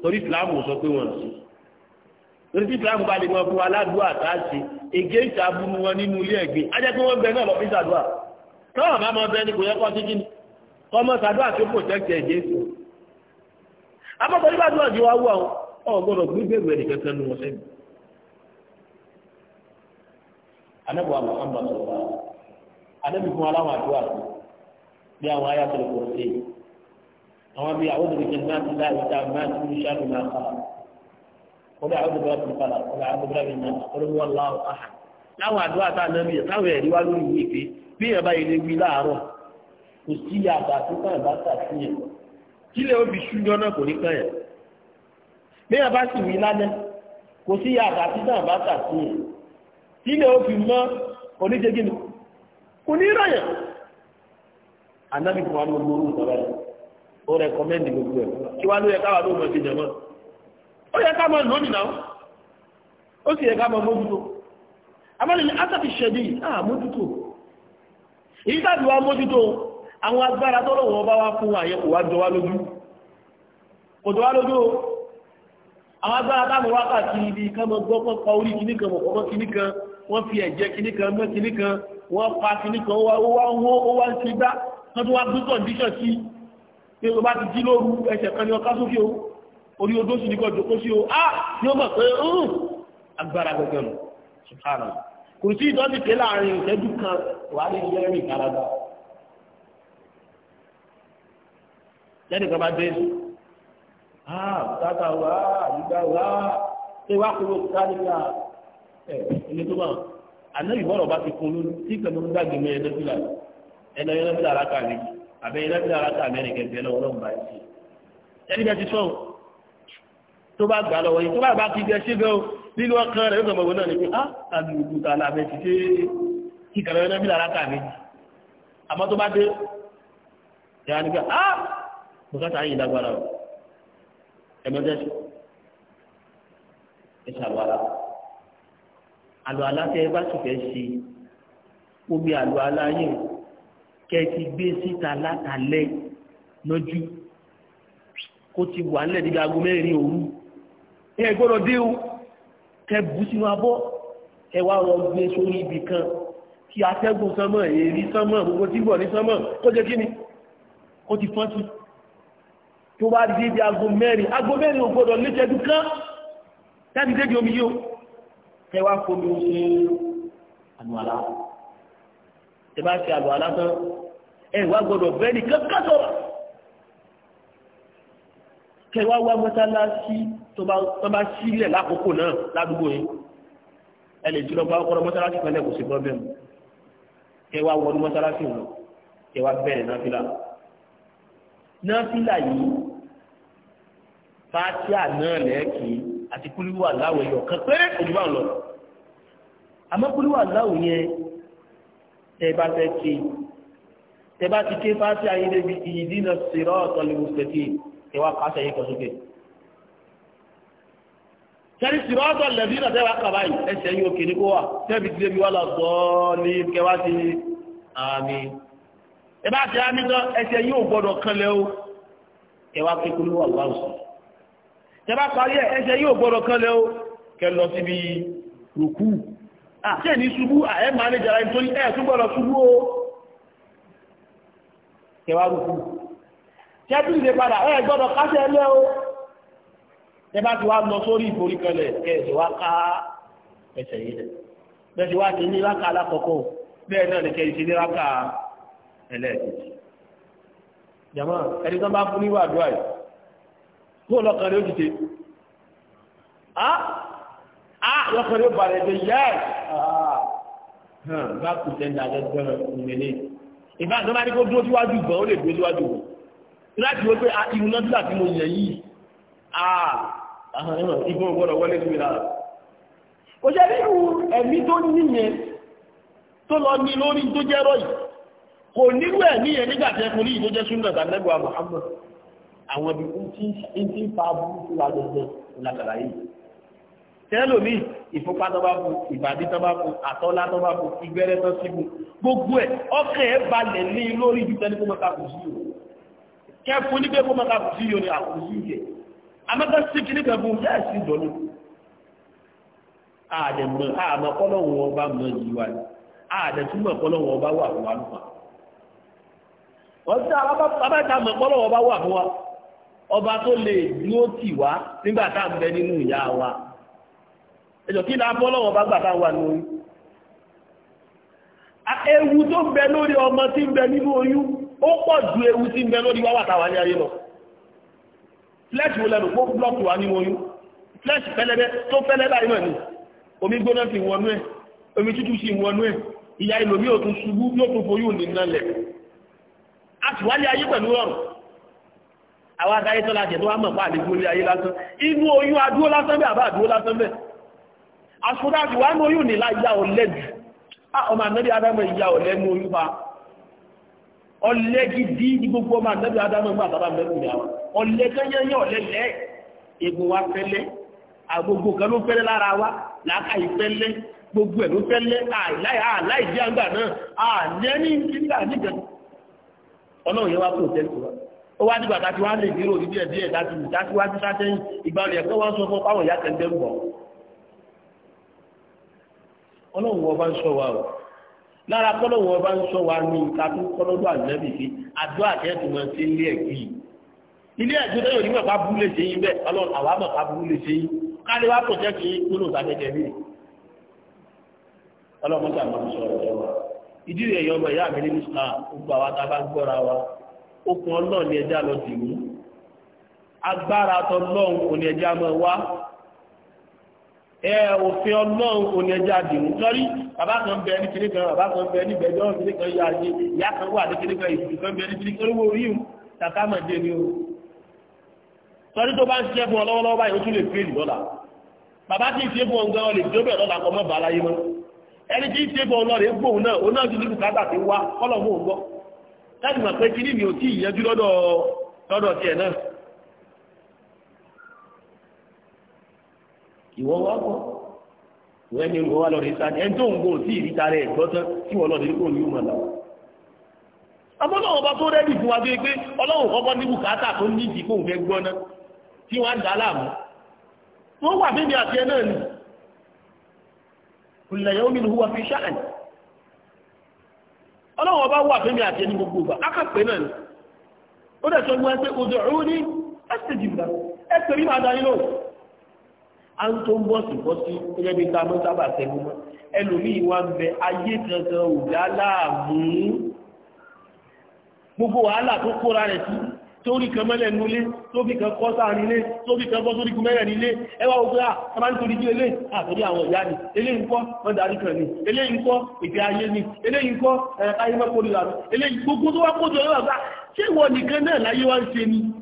Speaker 1: torí ìsìláàmù sọ pé wọn sí torí tí ìsìláàmù bá lè wọn fún aládùúgbò àtàṣe ègé ìṣàbùnú wọn nínú ilé ẹ̀gbẹ́ ajẹ́ pé wọ́n bẹ náà lọ fi ṣàdúrà táwọn bá máa bẹ ní kò yẹ kọ́ títí ni kọ́mọ ṣàdúrà tó kò tẹ́kẹ̀ ẹ̀jẹ̀ sí i abọ́tọ̀ nígbà tó ọ̀dí wa wú àwọn ọ̀gbọ́dọ̀ gbígbèrú ẹni kankan nù wọn sẹ́yìn. anábọ̀ Muhammad sọ̀rọ̀ anábì fún aláwọ̀ àdúrà bí àwọn ayatollah kò ṣe yìí àwọn bíi àwọn obìnrin jẹ̀dá ti dá ìta máa ti ní sáré máa kọ́ kọ́lá àwọn obìnrin ti kọ́lá kọ́lá àwọn obìnrin náà kọ́lá wọn láwọn àhà láwọn àdúrà tá a náà mi táwọn ẹ̀rí wá lórí ìwé ìpè bí ẹ̀ bá yẹ lé wí láàárọ̀ kò sí yàtọ̀ àti kàn bá tà sí yẹn kílẹ̀ ó fi ṣújọ́ náà kò ní kàn yẹn bí ẹ̀ bá sì wí lálẹ́ kò sí yàtọ̀ àti kàn bá tà sí yẹn kílẹ̀ ó fi mọ́ oníṣègùn kò ní ràn yẹn anábìkún wa ló lórúkọ báyìí ó rẹkọmẹ́ndì gbogbo ẹ̀ kí wá ló yẹ káwa ló mọ̀ sí jẹ̀mọ́ ó yẹ ká mọ̀ lónìí náà ó sì yẹ ká mọ̀ mójútó amọ́lẹ̀ ní átàfi ṣẹ̀dí àà mójútó èyí tàbí wá mójútó àwọn agbára tọ́lọ̀ wọn bá wá fún wa yẹ kò wá jọ wá lójú kò jọ wá lójú o àwọn agbára táwọn wákàtí ibi ká mọ gbọ́ pọ́n pa orí kìíní kan mọ̀kọ́ kìíní kan wọ́n fi ẹ̀jẹ̀ kìíní kan tí o bá ti jí lóru ẹsẹ̀ kan ní ọká sókè o orí odó sì ní kọjú kó sí o á ní ọmọ pé ń agbára gẹ́gẹ́ nù sùpàrà kò sí ìtọ́jú pé láàrin ìtẹ́jú kan wà ní ilé rìn kárágbá lẹ́nu kan bá dé ah tata wa àyíká wa ṣé wàá kúrò káríkà ẹ ilé tó bá àná ìwọ́rọ̀ bá ti kún lórí tí ìkànnì ń gbàgbé mi ẹ̀ lẹ́fìlà ẹ̀ lẹ́fìlà alákàrí yìí àbẹ́yìn lábílẹ̀ aráta mẹ́rin gẹ̀gẹ́ lọ́wọ́ lọ́wọ́ bá ti ẹni bẹ́ẹ̀ ti sọ́ọ̀ tó bá gbà lọ́wọ́ yìí tó bá bá ti gẹ̀ ṣe bẹ́ẹ̀ nínú ọkàn rẹ̀ yóò gbọ̀gbọ̀ náà ni pé á ah, tàbí òkú ta la bẹ́ẹ̀ ti ṣe kí kàrẹ́ lábílẹ̀ aráta méjì àmọ́ tó bá dé yà ni ah, o ẹ̀mọ́jẹ́sì ìṣàlùwàlà àlùwàlà tẹ́ kẹ́ẹ̀tì gbé síta látàlẹ́ lójú kó ti wà nílẹ̀ dídá aago mẹ́rin òru ẹ gbọ́dọ̀ dé o kẹ bù sínú abọ́ ẹ wá lọ gbé sórí ibì kan kí atẹ́gùn sánmọ̀ èrí sánmọ̀ gbogbo tí bọ̀ ní sánmọ̀ kó jẹ́ kí ni kó ti fọ́n sí tó bá di di aago mẹ́rin aago mẹ́rin ò gbọ́dọ̀ léṣẹ́dú kán láti débi omi yìí o kẹ wá fomi ṣe àlùwàlá ẹ bá ṣe àlùwàlá tán ẹ wá gbọdọ̀ bẹ́ẹ̀ ni kankan sọ̀rọ̀ kẹ wá wá mọ́sálásí tó bá sílẹ̀ lákòókò náà ládùúgbò yìí ẹ lè jùlọ bá ọkọ̀ mọ́sálásí kan lẹ́kọ̀ọ́ sí pọ́bẹ́mù kẹ wá wọnú mọ́sálásí wọn kẹ wá bẹ̀rẹ̀ náfìlà náfìlà yìí fàtíà náà lẹ́ẹ̀kì àti kúlíwà láwọ̀ ẹ̀yọ̀ kan péré òjúbà ń lọ àmọ́ kúlíwà láwọ̀ yẹn ẹ bá fẹ́ kí tẹ́bá ti ké fásitì ayé débi ìdínà sírọ́ ọ̀tọ̀lẹ̀ mùsùlùmí ìwà pàṣẹ yìí kọ sókè. sẹ́ni sírọ́ ọ̀tọ̀lẹ̀ bí nàtẹ́ wa kàbá yìí ẹsẹ̀ yìí òkè ní kó wà tẹ́bi ti débi wà lọ sọ́ọ́lì kẹwàá ti àmì. ẹ̀bá ti àmì tán ẹsẹ̀ yìí ò gbọ́dọ̀ kanlẹ̀ o kẹwàá ké kúlú wà wà sọ. tẹ́bá parí ẹ̀ ẹsẹ̀ yìí ò gbọ́dọ̀ kanlẹ̀ o kẹ lọ síbi rùkú. àti ẹ̀ ní ṣubú kẹwàá rúkú ṣẹ́bí lè padà ẹ gbọ́dọ̀ káṣẹ́ lẹ́ o ẹ bá ti wá lọ sórí ìforí kanlẹ̀ kẹsẹ̀ wá ká ẹsẹ̀ yìí lẹ̀ bẹ́ẹ̀ ti wá ti ní ráka alákọ̀ọ́kọ́ bẹ́ẹ̀ náà lè kẹ́ ìṣe ní ráka ẹlẹ́ẹ̀kejì jàmọ́ ẹni tó bá fún ní wàdúrà yìí kó lọ́kàn rẹ̀ ó dìde a á lọ́kàn rẹ̀ ó balẹ̀ dé yẹ́ẹ̀ bá kù tẹ́ńdà lẹ́gbẹ̀rẹ̀ ìrẹ̀lẹ́ ìfẹ́ àti ọmọdé kó dúró síwájú gan ó lè dúró síwájú gan láti wọ́n pé ah, irun náà nígbà tí mo yàn yìí ìbọn ah, ah, gbọ́dọ̀ wọlé sí mi lára kò ṣe rí irú ẹ̀mí tó níyẹn tó lọ ní lórí tó jẹ́ rọ́yì kò nírú ẹ̀mí yẹn nígbà tí ẹkùnrin yìí tó jẹ́ súnà tàbí àwọn ibi tí ń fa burúkú wa gbẹgbẹ ìlàkàlà yìí tẹ́lómi ìfúnpá tó bá bu ìbàdí tó bá bu àtọ́lá tó bá bu ìgbẹ́rẹ́ tó sí bu gbogbo ẹ̀ ọkẹ́ ẹ̀ balẹ̀ ní lórí ju tẹ́lẹ̀ kó mọ́ta kù sí yòó kẹfún ní pé kó mọ́ta kù sí yòó ni àkù sí yẹ amẹ́ta sí kí ní kẹfún yẹ́ sí dọ́nù àdẹ̀mọ̀ àmọ́ kọ́lọ́hún ọba mọ̀ yìí wá ní àdẹ̀túmọ̀ kọ́lọ́hún ọba wà fún wa lùpà ọ̀sẹ̀ abáta mọ̀ kọ́lọ́hún ọba wà fún wa ọba tó lè dúró tì wá nígbà tá à ń bẹ nínú ìyá wa ẹjọ́ kí la bọ́ lọ́wọ́ bá gbàtà wà lórí ewu tó ń bẹ lórí ọmọ tí ń bẹ nínú oyún ó pọ̀ ju ewu tí ń bẹ lórí wáwà ní ayé lọ flesh wo lẹ́nu kó blọ́ọ̀kì wá nínú oyún flesh fẹ́lẹ́bẹ́ tó fẹ́lẹ́ báyìí mọ̀ ní omi gbóná ti wọnú ẹ̀ omi tútù sí wọnú ẹ̀ ìyá ìlòmí ò tún ṣubú yóò tún foyún ní nálẹ̀ a sì wálé ayé pẹ̀lú ọ̀rọ̀ àwọn adáyé tọ́lá jẹ̀ tó wá mọ̀ fún àlejò ayé lásán inú oyún adúó lásán bẹ́ẹ̀ àbá àdúó lásán bẹ́ẹ̀ àṣùdájì wà ní oyún nílá ìyá ọ̀lẹ́jù ọmọ ànábì adámọ̀ ìyá ọ̀lẹ́nu oyún pa ọ̀lẹ́gidi ní gbogbo ọmọ ànábì adámọ̀ ìgbà bàbá mẹ́rin ìyàwó ọ̀lẹ́gẹ́yẹ́yẹ́ ọ̀lẹ́lẹ́ egun wa fẹ́lẹ́ agbogbo kan ló fẹ́lẹ́ lára wa láàkà ìfẹ́lẹ́ gbogbo ẹ̀ ló fẹ́lẹ́ àìláìjáǹgbà náà àlẹ́ni nígbà nígbà ọlọ́run yẹn wá kò tẹ́lẹ̀ wa ó wá nígbà tá a ti wá lè dúró ìdí ẹ̀ díẹ̀ láti ìdásíwájú sátẹ́yìn ìgbà ọ̀lẹ́ẹ̀kọ́ wá sọ fún fáwọn ìyá tẹ̀lé ń bọ̀ ọlọ́run ọba ń sọ wa o lára kọ́lọ́run ọba ń sọ wa ní ìta tó kọ́lọ́dọ̀ ànábì fi àdó àtẹ́tù máa ṣe ilé ẹ̀gbìn ilé ẹ̀gbìn náà yóò ní mọ̀ká burú lè ṣe yín bẹ́ẹ̀ ọlọ́run àwa mọ̀ká burú lè ṣe yín káàdé wa kò jẹ́ kí kúrò sàtẹ́tẹ́ mi ọlọ́run ọjà máa ń sọ ọ̀rọ̀ wa ìdí rẹ̀ yọ ọmọ ìyá mi nínú islam gbogbo àwa tá a bá gbọ́ra wa okùn ọlọ́run ni ẹja ẹ òfin ọlọ́run òní ẹja àdìmú sọ́rí bàbá kan bẹ ní kiri kan bàbá kan bẹ ní bẹjọ́ kiri kan yá ayé ìyá kan wà ní kiri kan ìsìnkú kan bẹ ní kiri kan owó orí takamade ni o sọ́rí tó bá ń ṣiṣẹ́ fún ọ lọ́wọ́lọ́wọ́ báyìí ó tún lè fèlì lọ́la bàbá tí ń ṣe fún ọ gan ọ lè dé bẹ̀rẹ̀ lọ́la kọ́ mọ́ bàá láyé mọ́ ẹni tí ń ṣe fún ọ lọ́rẹ̀ gbóhùn náà ì ìwọ wá bọ̀ ìwọ ni ìwọ wá lọ rí sáré ẹni tó ń gbò sí ìríta rẹ̀ gbọ́tán tí wọ́n lọ rí kò ní ìmọ̀ náà. abọ́lọ́wọ́ bá tó rẹ́dì fún wa bí pé ọlọ́run kọ́kọ́ ní bùkátà tó ní ìdí kó ń fẹ́ gbọ́ná tí wọ́n á dà láàmú. wọ́n wà bíbi àti ẹ náà nì kùlẹ̀ yẹn omi ni wọ́n fi ṣáàyè. ọlọ́run ọba wà bíbi àti ẹni gbogbo ìgbà ákàpẹ́ náà ni. ó dẹ̀ sọ a ń tó ń bọ̀ sí bọ́ sí gẹ́gẹ́ bí ká mọ́ sábà tẹnu mọ́ ẹlòmíì wá ń bẹ ayé gangan ò dá láàmú gbogbo wàhálà tó kóra rẹ̀ sí torí kan mẹ́lẹ̀ nílé tó fi kan kọ́ sáàrin ilé tó fi kan bọ́ sórí kú mẹ́rẹ̀ nílé ẹwà ogun à tàbá ń torí kí ilé àtòrí àwọn ìyá ni ilé ń kọ́ wọ́n kan ni ilé kọ́ ìgbé ayé ni ilé ń kọ́ ẹ̀ẹ́káyé mẹ́kòrìlà ilé gbogbo tó wá kó jọ lọ́wọ́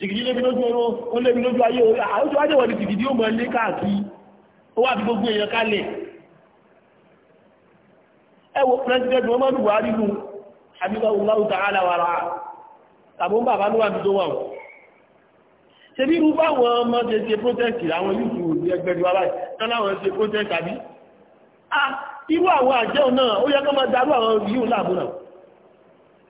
Speaker 1: sìgìdì lébi lójú ọrọ̀ ó lébi lójú ayé orí àwùjọ ajẹ́wọ̀ ni sìgìdì ó mọ̀ lé káàkiri ó wà fi gbogbo èèyàn kálẹ̀ ẹ wo president Muhammadu Buhari lu abigawo lawu ta'ala wàrà tàbí ó ń bàbá ló wà ní tó wà o ṣebí irú báwọn ọmọ ṣe ṣe protest àwọn yìí ò ní ẹgbẹ́ ìwà báyìí tán láwọn ṣe protest ah irú àwọn àjẹ́ náà ó yẹ kó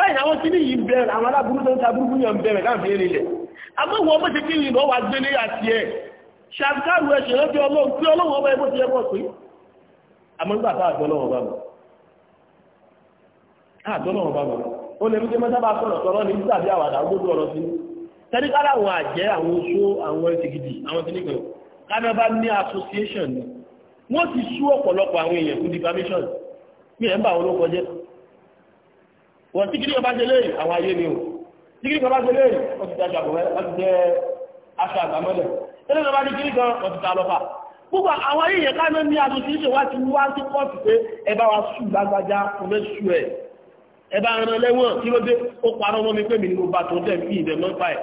Speaker 1: fáìn àwọn tí ní yìí bẹ̀rẹ̀ àwọn aláburú tó ń ta burúkú yàn bẹ̀rẹ̀ láàfin ilẹ̀ àmọ́ wọn bó ṣe kí ìrìn lọ́wọ́ agbélé àti ẹ̀ ṣàkárù ẹ̀ṣẹ̀ lọ́jọ́ ọlọ́run pé ọlọ́run ọba ẹgbẹ́ ti yẹ pọ̀ pé àmọ́ nígbà tá àgbọ́ lọ́wọ́ bá mọ̀ àgbọ́ lọ́wọ́ bá mọ̀ ó lè wípé mọ́tà bá sọ̀rọ̀ ní tàbí àwàdà gbódú ọ̀rọ̀ association ni wọ́n ti sú ọ̀pọ̀lọpọ̀ àwọn èèyàn fún defamation wọ́n tí kìrì ọba ṣe léyìn àwọn ayé ni o tí kìrì ọba ṣe léyìn wọ́n ti dájú àbọ̀wẹ́ wọ́n ti jẹ́ aṣọ àgbàmọ́lẹ̀ tẹ́lẹ̀ ọba ní kìrì kan wọ́n ti ta lọ́fà púpọ̀ àwọn ayé yẹn káná ní asosiyéṣe wá ti wá sí kóòtù pé ẹ bá wa sùn lágbájá fún ẹṣù ẹ ẹ bá ran lẹ́wọ̀n kí ló dé ó parọ́ mọ́ mi pé mi ni mo bá tó jẹ́ bí ìdẹ̀ mọ́ pa ẹ̀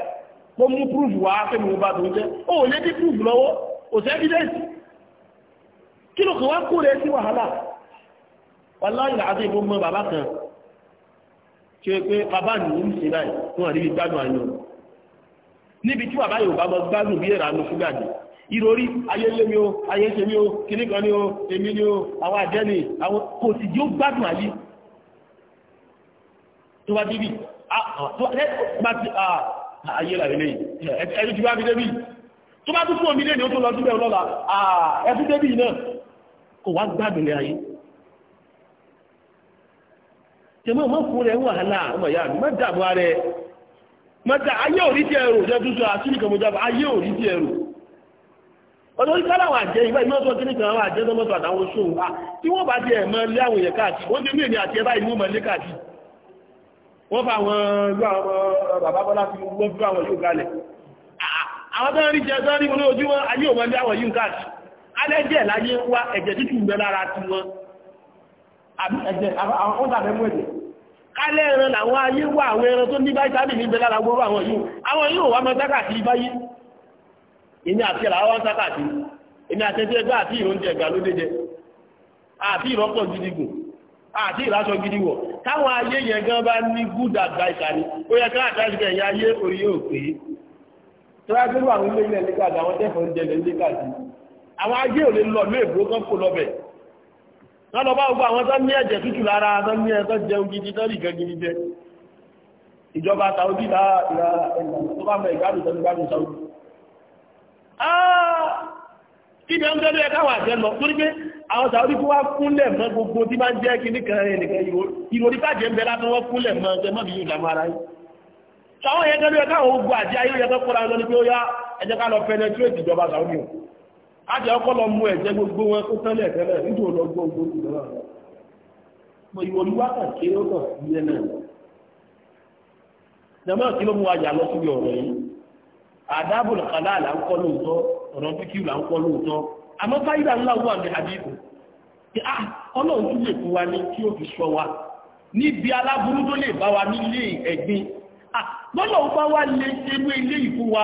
Speaker 1: mo mú púrúfù wá pé mo bá tó jẹ́ ó ò lé dí púrúfù lọ́wọ́ kò sẹ́ ẹ́fídẹ́ǹsì kí ló kàn wá kó sí wàhálà wàláyìn àti ìbomọ bàbá kan ṣe pé bàbá nìyí ń ṣe báyìí wọn rí gbádùn àyàn níbi tí bàbá Yorùbá mọ gbádùn bí èrà ló fúgbà ní ìròrí ayé lé mi o ayé ṣe mi o kíní kan ni o èmi ni o àwọn àjẹni àwọn kò sì yóò gbádùn ayé tó wá débi ayé làrí lẹ́yìn ẹni tí bá fi débi tó bá tún fún omi lẹ́yìn ó tó lọ síbẹ̀ lọ́la ẹtú débi náà kò wá gbádùn ní jẹmọ́ mọ́ fún rẹ̀ wàhálà ọmọ ìyá mi má dàbọ̀ rẹ dà ayé òrí tí ẹrù jẹ́ tuntun àṣírí kan jábọ̀ ayé òrí tí ẹrù ọdún orí kára jẹ ìgbà ìmọ̀ kí ní kan wà jẹ́ àtàwọn oṣòwò a tí wọ́n bá ti ẹ̀ wọ́n ti mú àti àwọn wọ́n fi àwọn yóò àbí ẹ̀jẹ̀ àwọn ọ̀dàbẹ̀ mú ẹ̀jẹ̀ kálẹ̀ ẹran làwọn ayé wà àwọn ẹran tó ní báyìí àti ẹ̀là gidi wọ̀ táwọn ayé yẹn gan bá ní good advice ni ó yẹ ká àtàkì ẹ̀yà ayé orí yóò pé tó àwọn ilé ilẹ̀ nígbàgbà àwọn tẹ́fọ̀ọ́ ń jẹ àwọn ayé wọ́n lọ bá gbogbo àwọn tó ní ẹ̀jẹ̀ tútù lára tó ní ẹ̀ tó jẹun gidi tó rí gẹ́gidi jẹ ìjọba Saudi lára tó bá mọ ìgbádùn tó gbádùn Saudi ah! kíbi ọmọ tó yẹ káwà jẹ lọ torí pé àwọn Saudi tó wá kúnlẹ̀ mọ́ gbogbo tí máa ń jẹ́ kí nìkan ẹnìkan ìròrí bàjẹ́ ń bẹ látọ́ wọ́n kúnlẹ̀ mọ́ jẹ mọ́ bí yóò dàmú ara yìí sọ àwọn yẹn tó yẹ káwọn ogun àjẹ́ ayé yẹ kọ́ kọ́ra lọ ní pé ó yá ẹjẹ́ ká lọ penetrate ìjọba Saudi o àti ọkọ lọ mú ẹ̀jẹ̀ gbogbo wọn tó tẹ́lẹ̀ tẹ́lẹ̀ nítorí lọ gbọ́ gbogbo ìjọba rẹ̀ mo ìwọ ní wákàtí ó kàn sí ilé náà jọmọ kí ló mú ajá lọ síbi ọ̀rọ̀ yìí àdáàbò kàlá là ń kọ lóòótọ́ ọ̀rọ̀ fíkì là ń kọ lóòótọ́ àmọ́ fáyidà ńlá wà ní àdìbò kí á ah, Ọlọ́run tún lè fún wa ní kí ó fi sọ wa níbi aláburú tó lè bá wa nílé ẹ̀gbin lọ́lọ́run ah, bá wá lè ṣerú ilé ìfún wa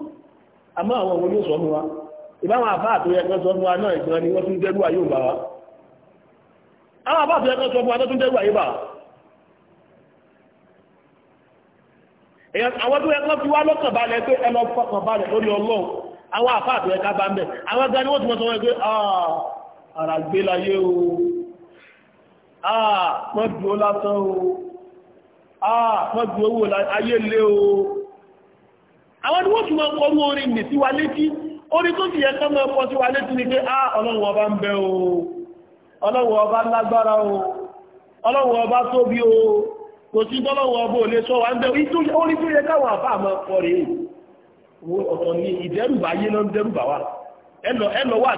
Speaker 1: àmọ́ àwọn òun yóò sọ mú wa ìbáwọn àfáà tó yẹ kan sọ mú wa náà ìgbọ́n ni wọ́n tún dẹ́rù ayé òbá wa àwọn àfáà tó yẹ kan sọ mú wa tó tún dẹ́rù ayé bà wa àwọn tó yẹ kan fi wá lọ́kàn balẹ̀ pé ẹ lọ fọkàn balẹ̀ lórí ọlọ́run àwọn àfáà tó yẹ ká bá ń bẹ̀ àwọn gan wọ́n ti mọ̀ sọ wọn pé ah, ara gbé láyé o mọ́ ah, ju o ah, àwọn ìwọ́n ma wọ́n kọrú orin nì sí wa létí orin tó ti yẹ kọ́ mọ́ ẹ̀kọ́ wa létí ni pé á ọlọ́run ọba ń bẹ o ọlọ́run ọba lágbára o ọlọ́run ọba kò ọba ò lè sọ wa ń bẹ orin tó yẹ káwọn àfà mọ́ rẹ̀ ọ̀tọ̀ ni ìdẹ́rùbà ayé ló ń dẹ́rùbà wa ẹlọ wà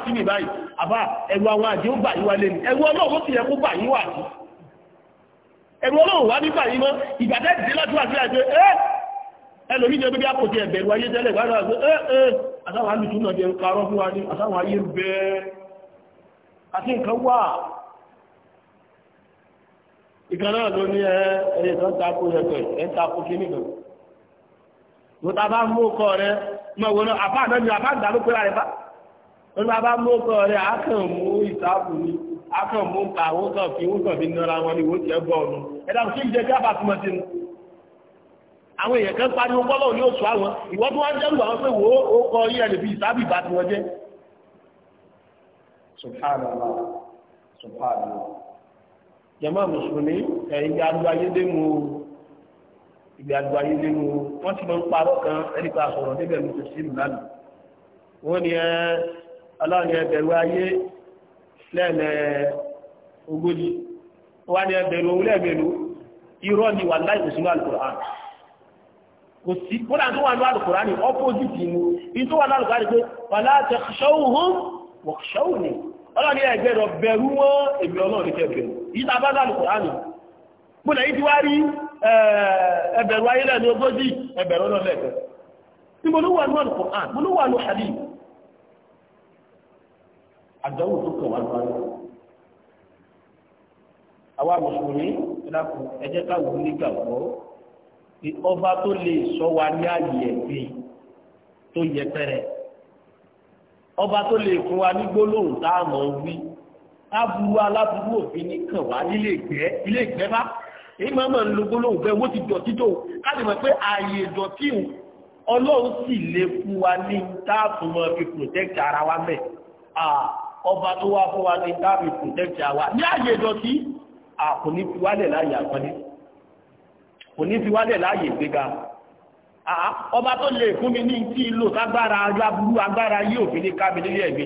Speaker 1: ọlọ́run wá yí mọ́ ìgbàdẹ́ ẹlòmí jẹ́ bí àkòtí ẹ̀bẹ̀rù ayé tẹ́lẹ̀ wáyé àgbé ẹ́ẹ̀ àtàwọn alùsù náà jẹ́ parọ́ fún wa ní àtàwọn ayé bẹ́ àti nǹkan wà ìkan náà ló ní eh, ẹ̀ẹ́ tó ń takò ẹ̀pẹ̀ ẹ̀ ń takò kí nìkan mo ta bá mú ọkọ rẹ mọ wọn náà àbá àdájú àbá àdánù pé àrẹ nǹkan àwọn kan fi wọn kàn wọn ni wọn ti ẹ bọ ọnu ẹ kí a bá túmọ̀ sí àwọn èèyàn kan pariwo kọ́lọ̀ ní oṣù àwọn ìwọ́n tó wá ń dẹ́rù àwọn pé wò ó kọ ilẹ̀ bí ìsáàbì bá ti wọ́n jẹ́ subhanallah subhanallah jàmá mùsùlùmí ẹ̀yìn adúlọ ayédèmú ìgbé adúlọ ayédèmú wọ́n ti mọ̀ ń parọ́ kan ẹni pa sọ̀rọ̀ níbẹ̀ mi ti sílù lánàá ogójì wọ́n ní ẹbẹ̀rù òun lẹ́ẹ̀mẹ́lú irọ́ ni wà láì sínú àlùkò àrùn kò sí kódà tó wà ní alùkùránì opposite ni in tó wà ní alùkùránì pé fàlá takhshawhum wakhshawni ọlọ́ni ẹgbẹ́ rọ bẹ̀rù wọn èmi ọlọ́ni tẹ bẹ̀rù yìí tá a bá ní alùkùránì púlẹ̀ yìí ti wá rí eh, ẹbẹ̀rù ayé lẹ́nu ogójì ẹbẹ̀rù ọlọ́lẹ́gbẹ̀ tí ní alùkùránì mo ló wà ní hadith ọba tó lè sọ wa ní ààyè ẹ̀gbẹ́ tó yẹpẹrẹ ọba tó lè fún wa ní gbólóhùn tá a mọ̀ wí aburú aláburú òfin ní kàn wá nílé ìgbẹ́ ilé ìgbẹ́ bá èyí máa máa ń lo gbólóhùn bẹ́ẹ̀ wọ́n ti dọ̀tí tó ká lè mọ̀ pé ààyè ìdọ̀tí ọlọ́run sì lè fún wa ní táàbù mọ́ fi protect ara wa mẹ́ ọba tó wá fún wa ní táàbù protect ara wa ní ààyè ìdọ̀tí àkùnrin fi wálẹ̀ láyé àkọ́ni kò ní fi wálẹ̀ láàyè gbéga ọba tó lè fún mi ní tí ìlò tágbára aláburú agbára yóò fi ní kábi nílé ẹ̀mí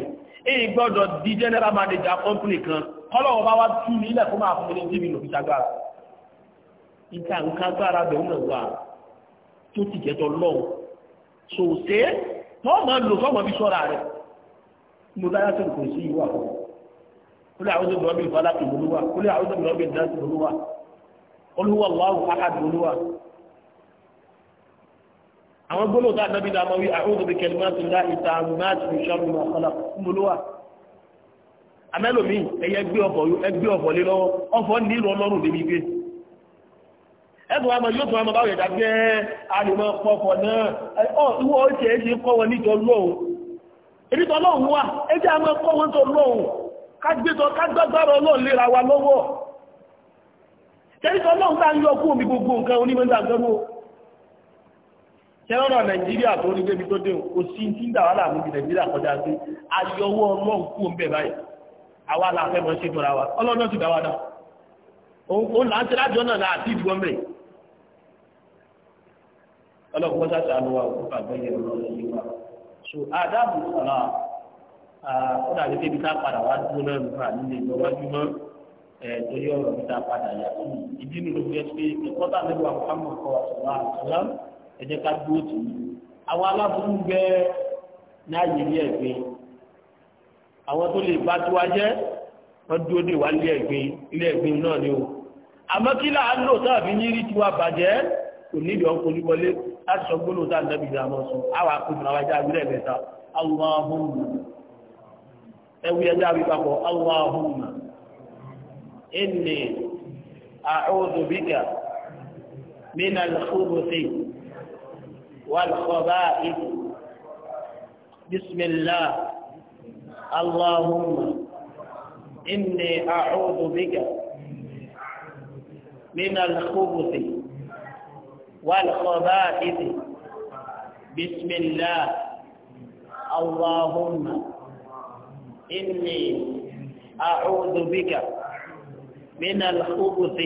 Speaker 1: èyí gbọ́dọ̀ di general manager company kan kọ́lọ́wọ́ bá wá tú ní ilẹ̀ fún máa fún mi ní tí mi lò fi tágbára ìta nǹkan agbára bẹ̀rù náà wà tó ti jẹ́tọ̀ lọ́wọ́ sòsé wọ́n máa lò fọ́mọ̀ bí sọ́ra rẹ̀ mo dára tó kò sí ìwà fún mi kúlẹ̀ àwọn ọdún ìrọ̀bí ìfọlákì lóluwà kúlẹ̀ àwọn ọdún ìrọ̀bí ìdásí lóluwà olúwa Allahu ahad olúwa àwọn gbólóhùn tá a nàbí dàmọ wí a'udhu bi kalimati llahi tammati min sharri ma khalaq olúwa amẹ́lòmíì ẹ̀yẹ gbé ọ̀fọ̀ ẹgbẹ́ gbé ẹ̀bùn àmọ̀ yóò tún àmọ̀ báwọn gbé náà ṣe wọn níjọ wọn tó tẹ́lifọ̀ ọlọ́run tá ń yọ kú omi gbogbo nǹkan onímọ̀ta gbọ́mọ́ tẹ́rọ̀nà nàìjíríà tó ní débi tó déhùn kò sí tí ń dà wà láàmú bí nàìjíríà kọjá sí ayọwọ́ ọlọ́run kú omi bẹ̀ báyìí la fẹ́ mọ́ ṣe tọ́ra wa ọlọ́run ti dá wa dá òun là ń tẹ́lá jọ náà láti ìdíwọ́ mẹ́ ọlọ́run torí ọ̀rọ̀ mi ta padà yà fún mi ìdí nínú fi ẹsẹ̀ ẹ̀kọ́ tà níbi àkọ́mọ̀ kọ́ ọ̀sọ̀lá ọ̀sọ̀lá ẹ jẹ́ ká dúró tì í àwọn aláburú ń bẹ láàyè ilé ẹ̀gbẹ́ àwọn tó lè bá tiwa jẹ́ wọ́n dúró dé wá ilé ẹ̀gbẹ́ ilé ẹ̀gbẹ́ náà ni o àmọ́ kí là á lò sáàbí ní rí tiwa bàjẹ́ kò ní ìdíwọ́n kò ní wọlé láti sọ gbólóhùn tá à ń dábì ìdáná sọ àwọn akóbìnrin àwọn ajá agbélé ẹ̀mẹ́ta Allahumma ẹ̀wù ẹ̀já wípapọ̀ Allahumma. إني أعوذ بك من الخبث والخبائث بسم الله اللهم إني أعوذ بك من الخبث والخبائث بسم الله اللهم إني أعوذ بك من الخبث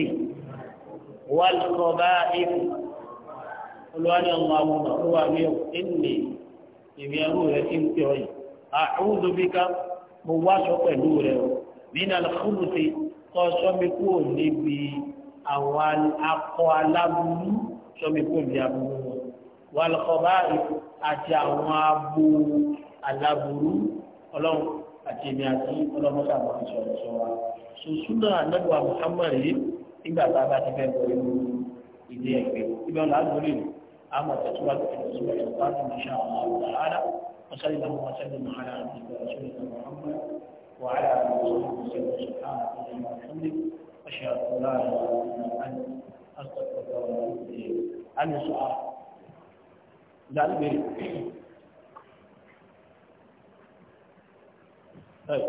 Speaker 1: والخبائث olùwárí ọmọ àwọn ọmọ wa ní ẹnì ìmì ẹrú rẹ ti ń pè ọ yìí àhúdù bí ká mo wá sọ pẹ̀lú rẹ o nínú àlùfóònù ti kọ́ sọ́mi kúrò níbi àwọn akọ aláburú sọ́mi kúrò níbi aburú wọn wà lọ́kọ̀ọ́bá àti àwọn abo aláburú ọlọ́run àti èmi àti ọlọ́mọdé àwọn ìṣòro sọ wa sùsúnà anábìwá muhammad yìí nígbà tá a bá ti fẹ́ bọ̀ inú ilé ẹgbẹ́ ibà làágùn lè àmọ̀ tẹ̀síwájú fún ìṣúná ìṣúná ìṣúná ìṣúná وصلى الله وسلم على عبدك ورسولك محمد وعلى اله وصحبه وسلم سبحانك اللهم وبحمدك اشهد ان لا اله الا انت استغفرك واتوب اليك. عندي سؤال. لا البيت. طيب.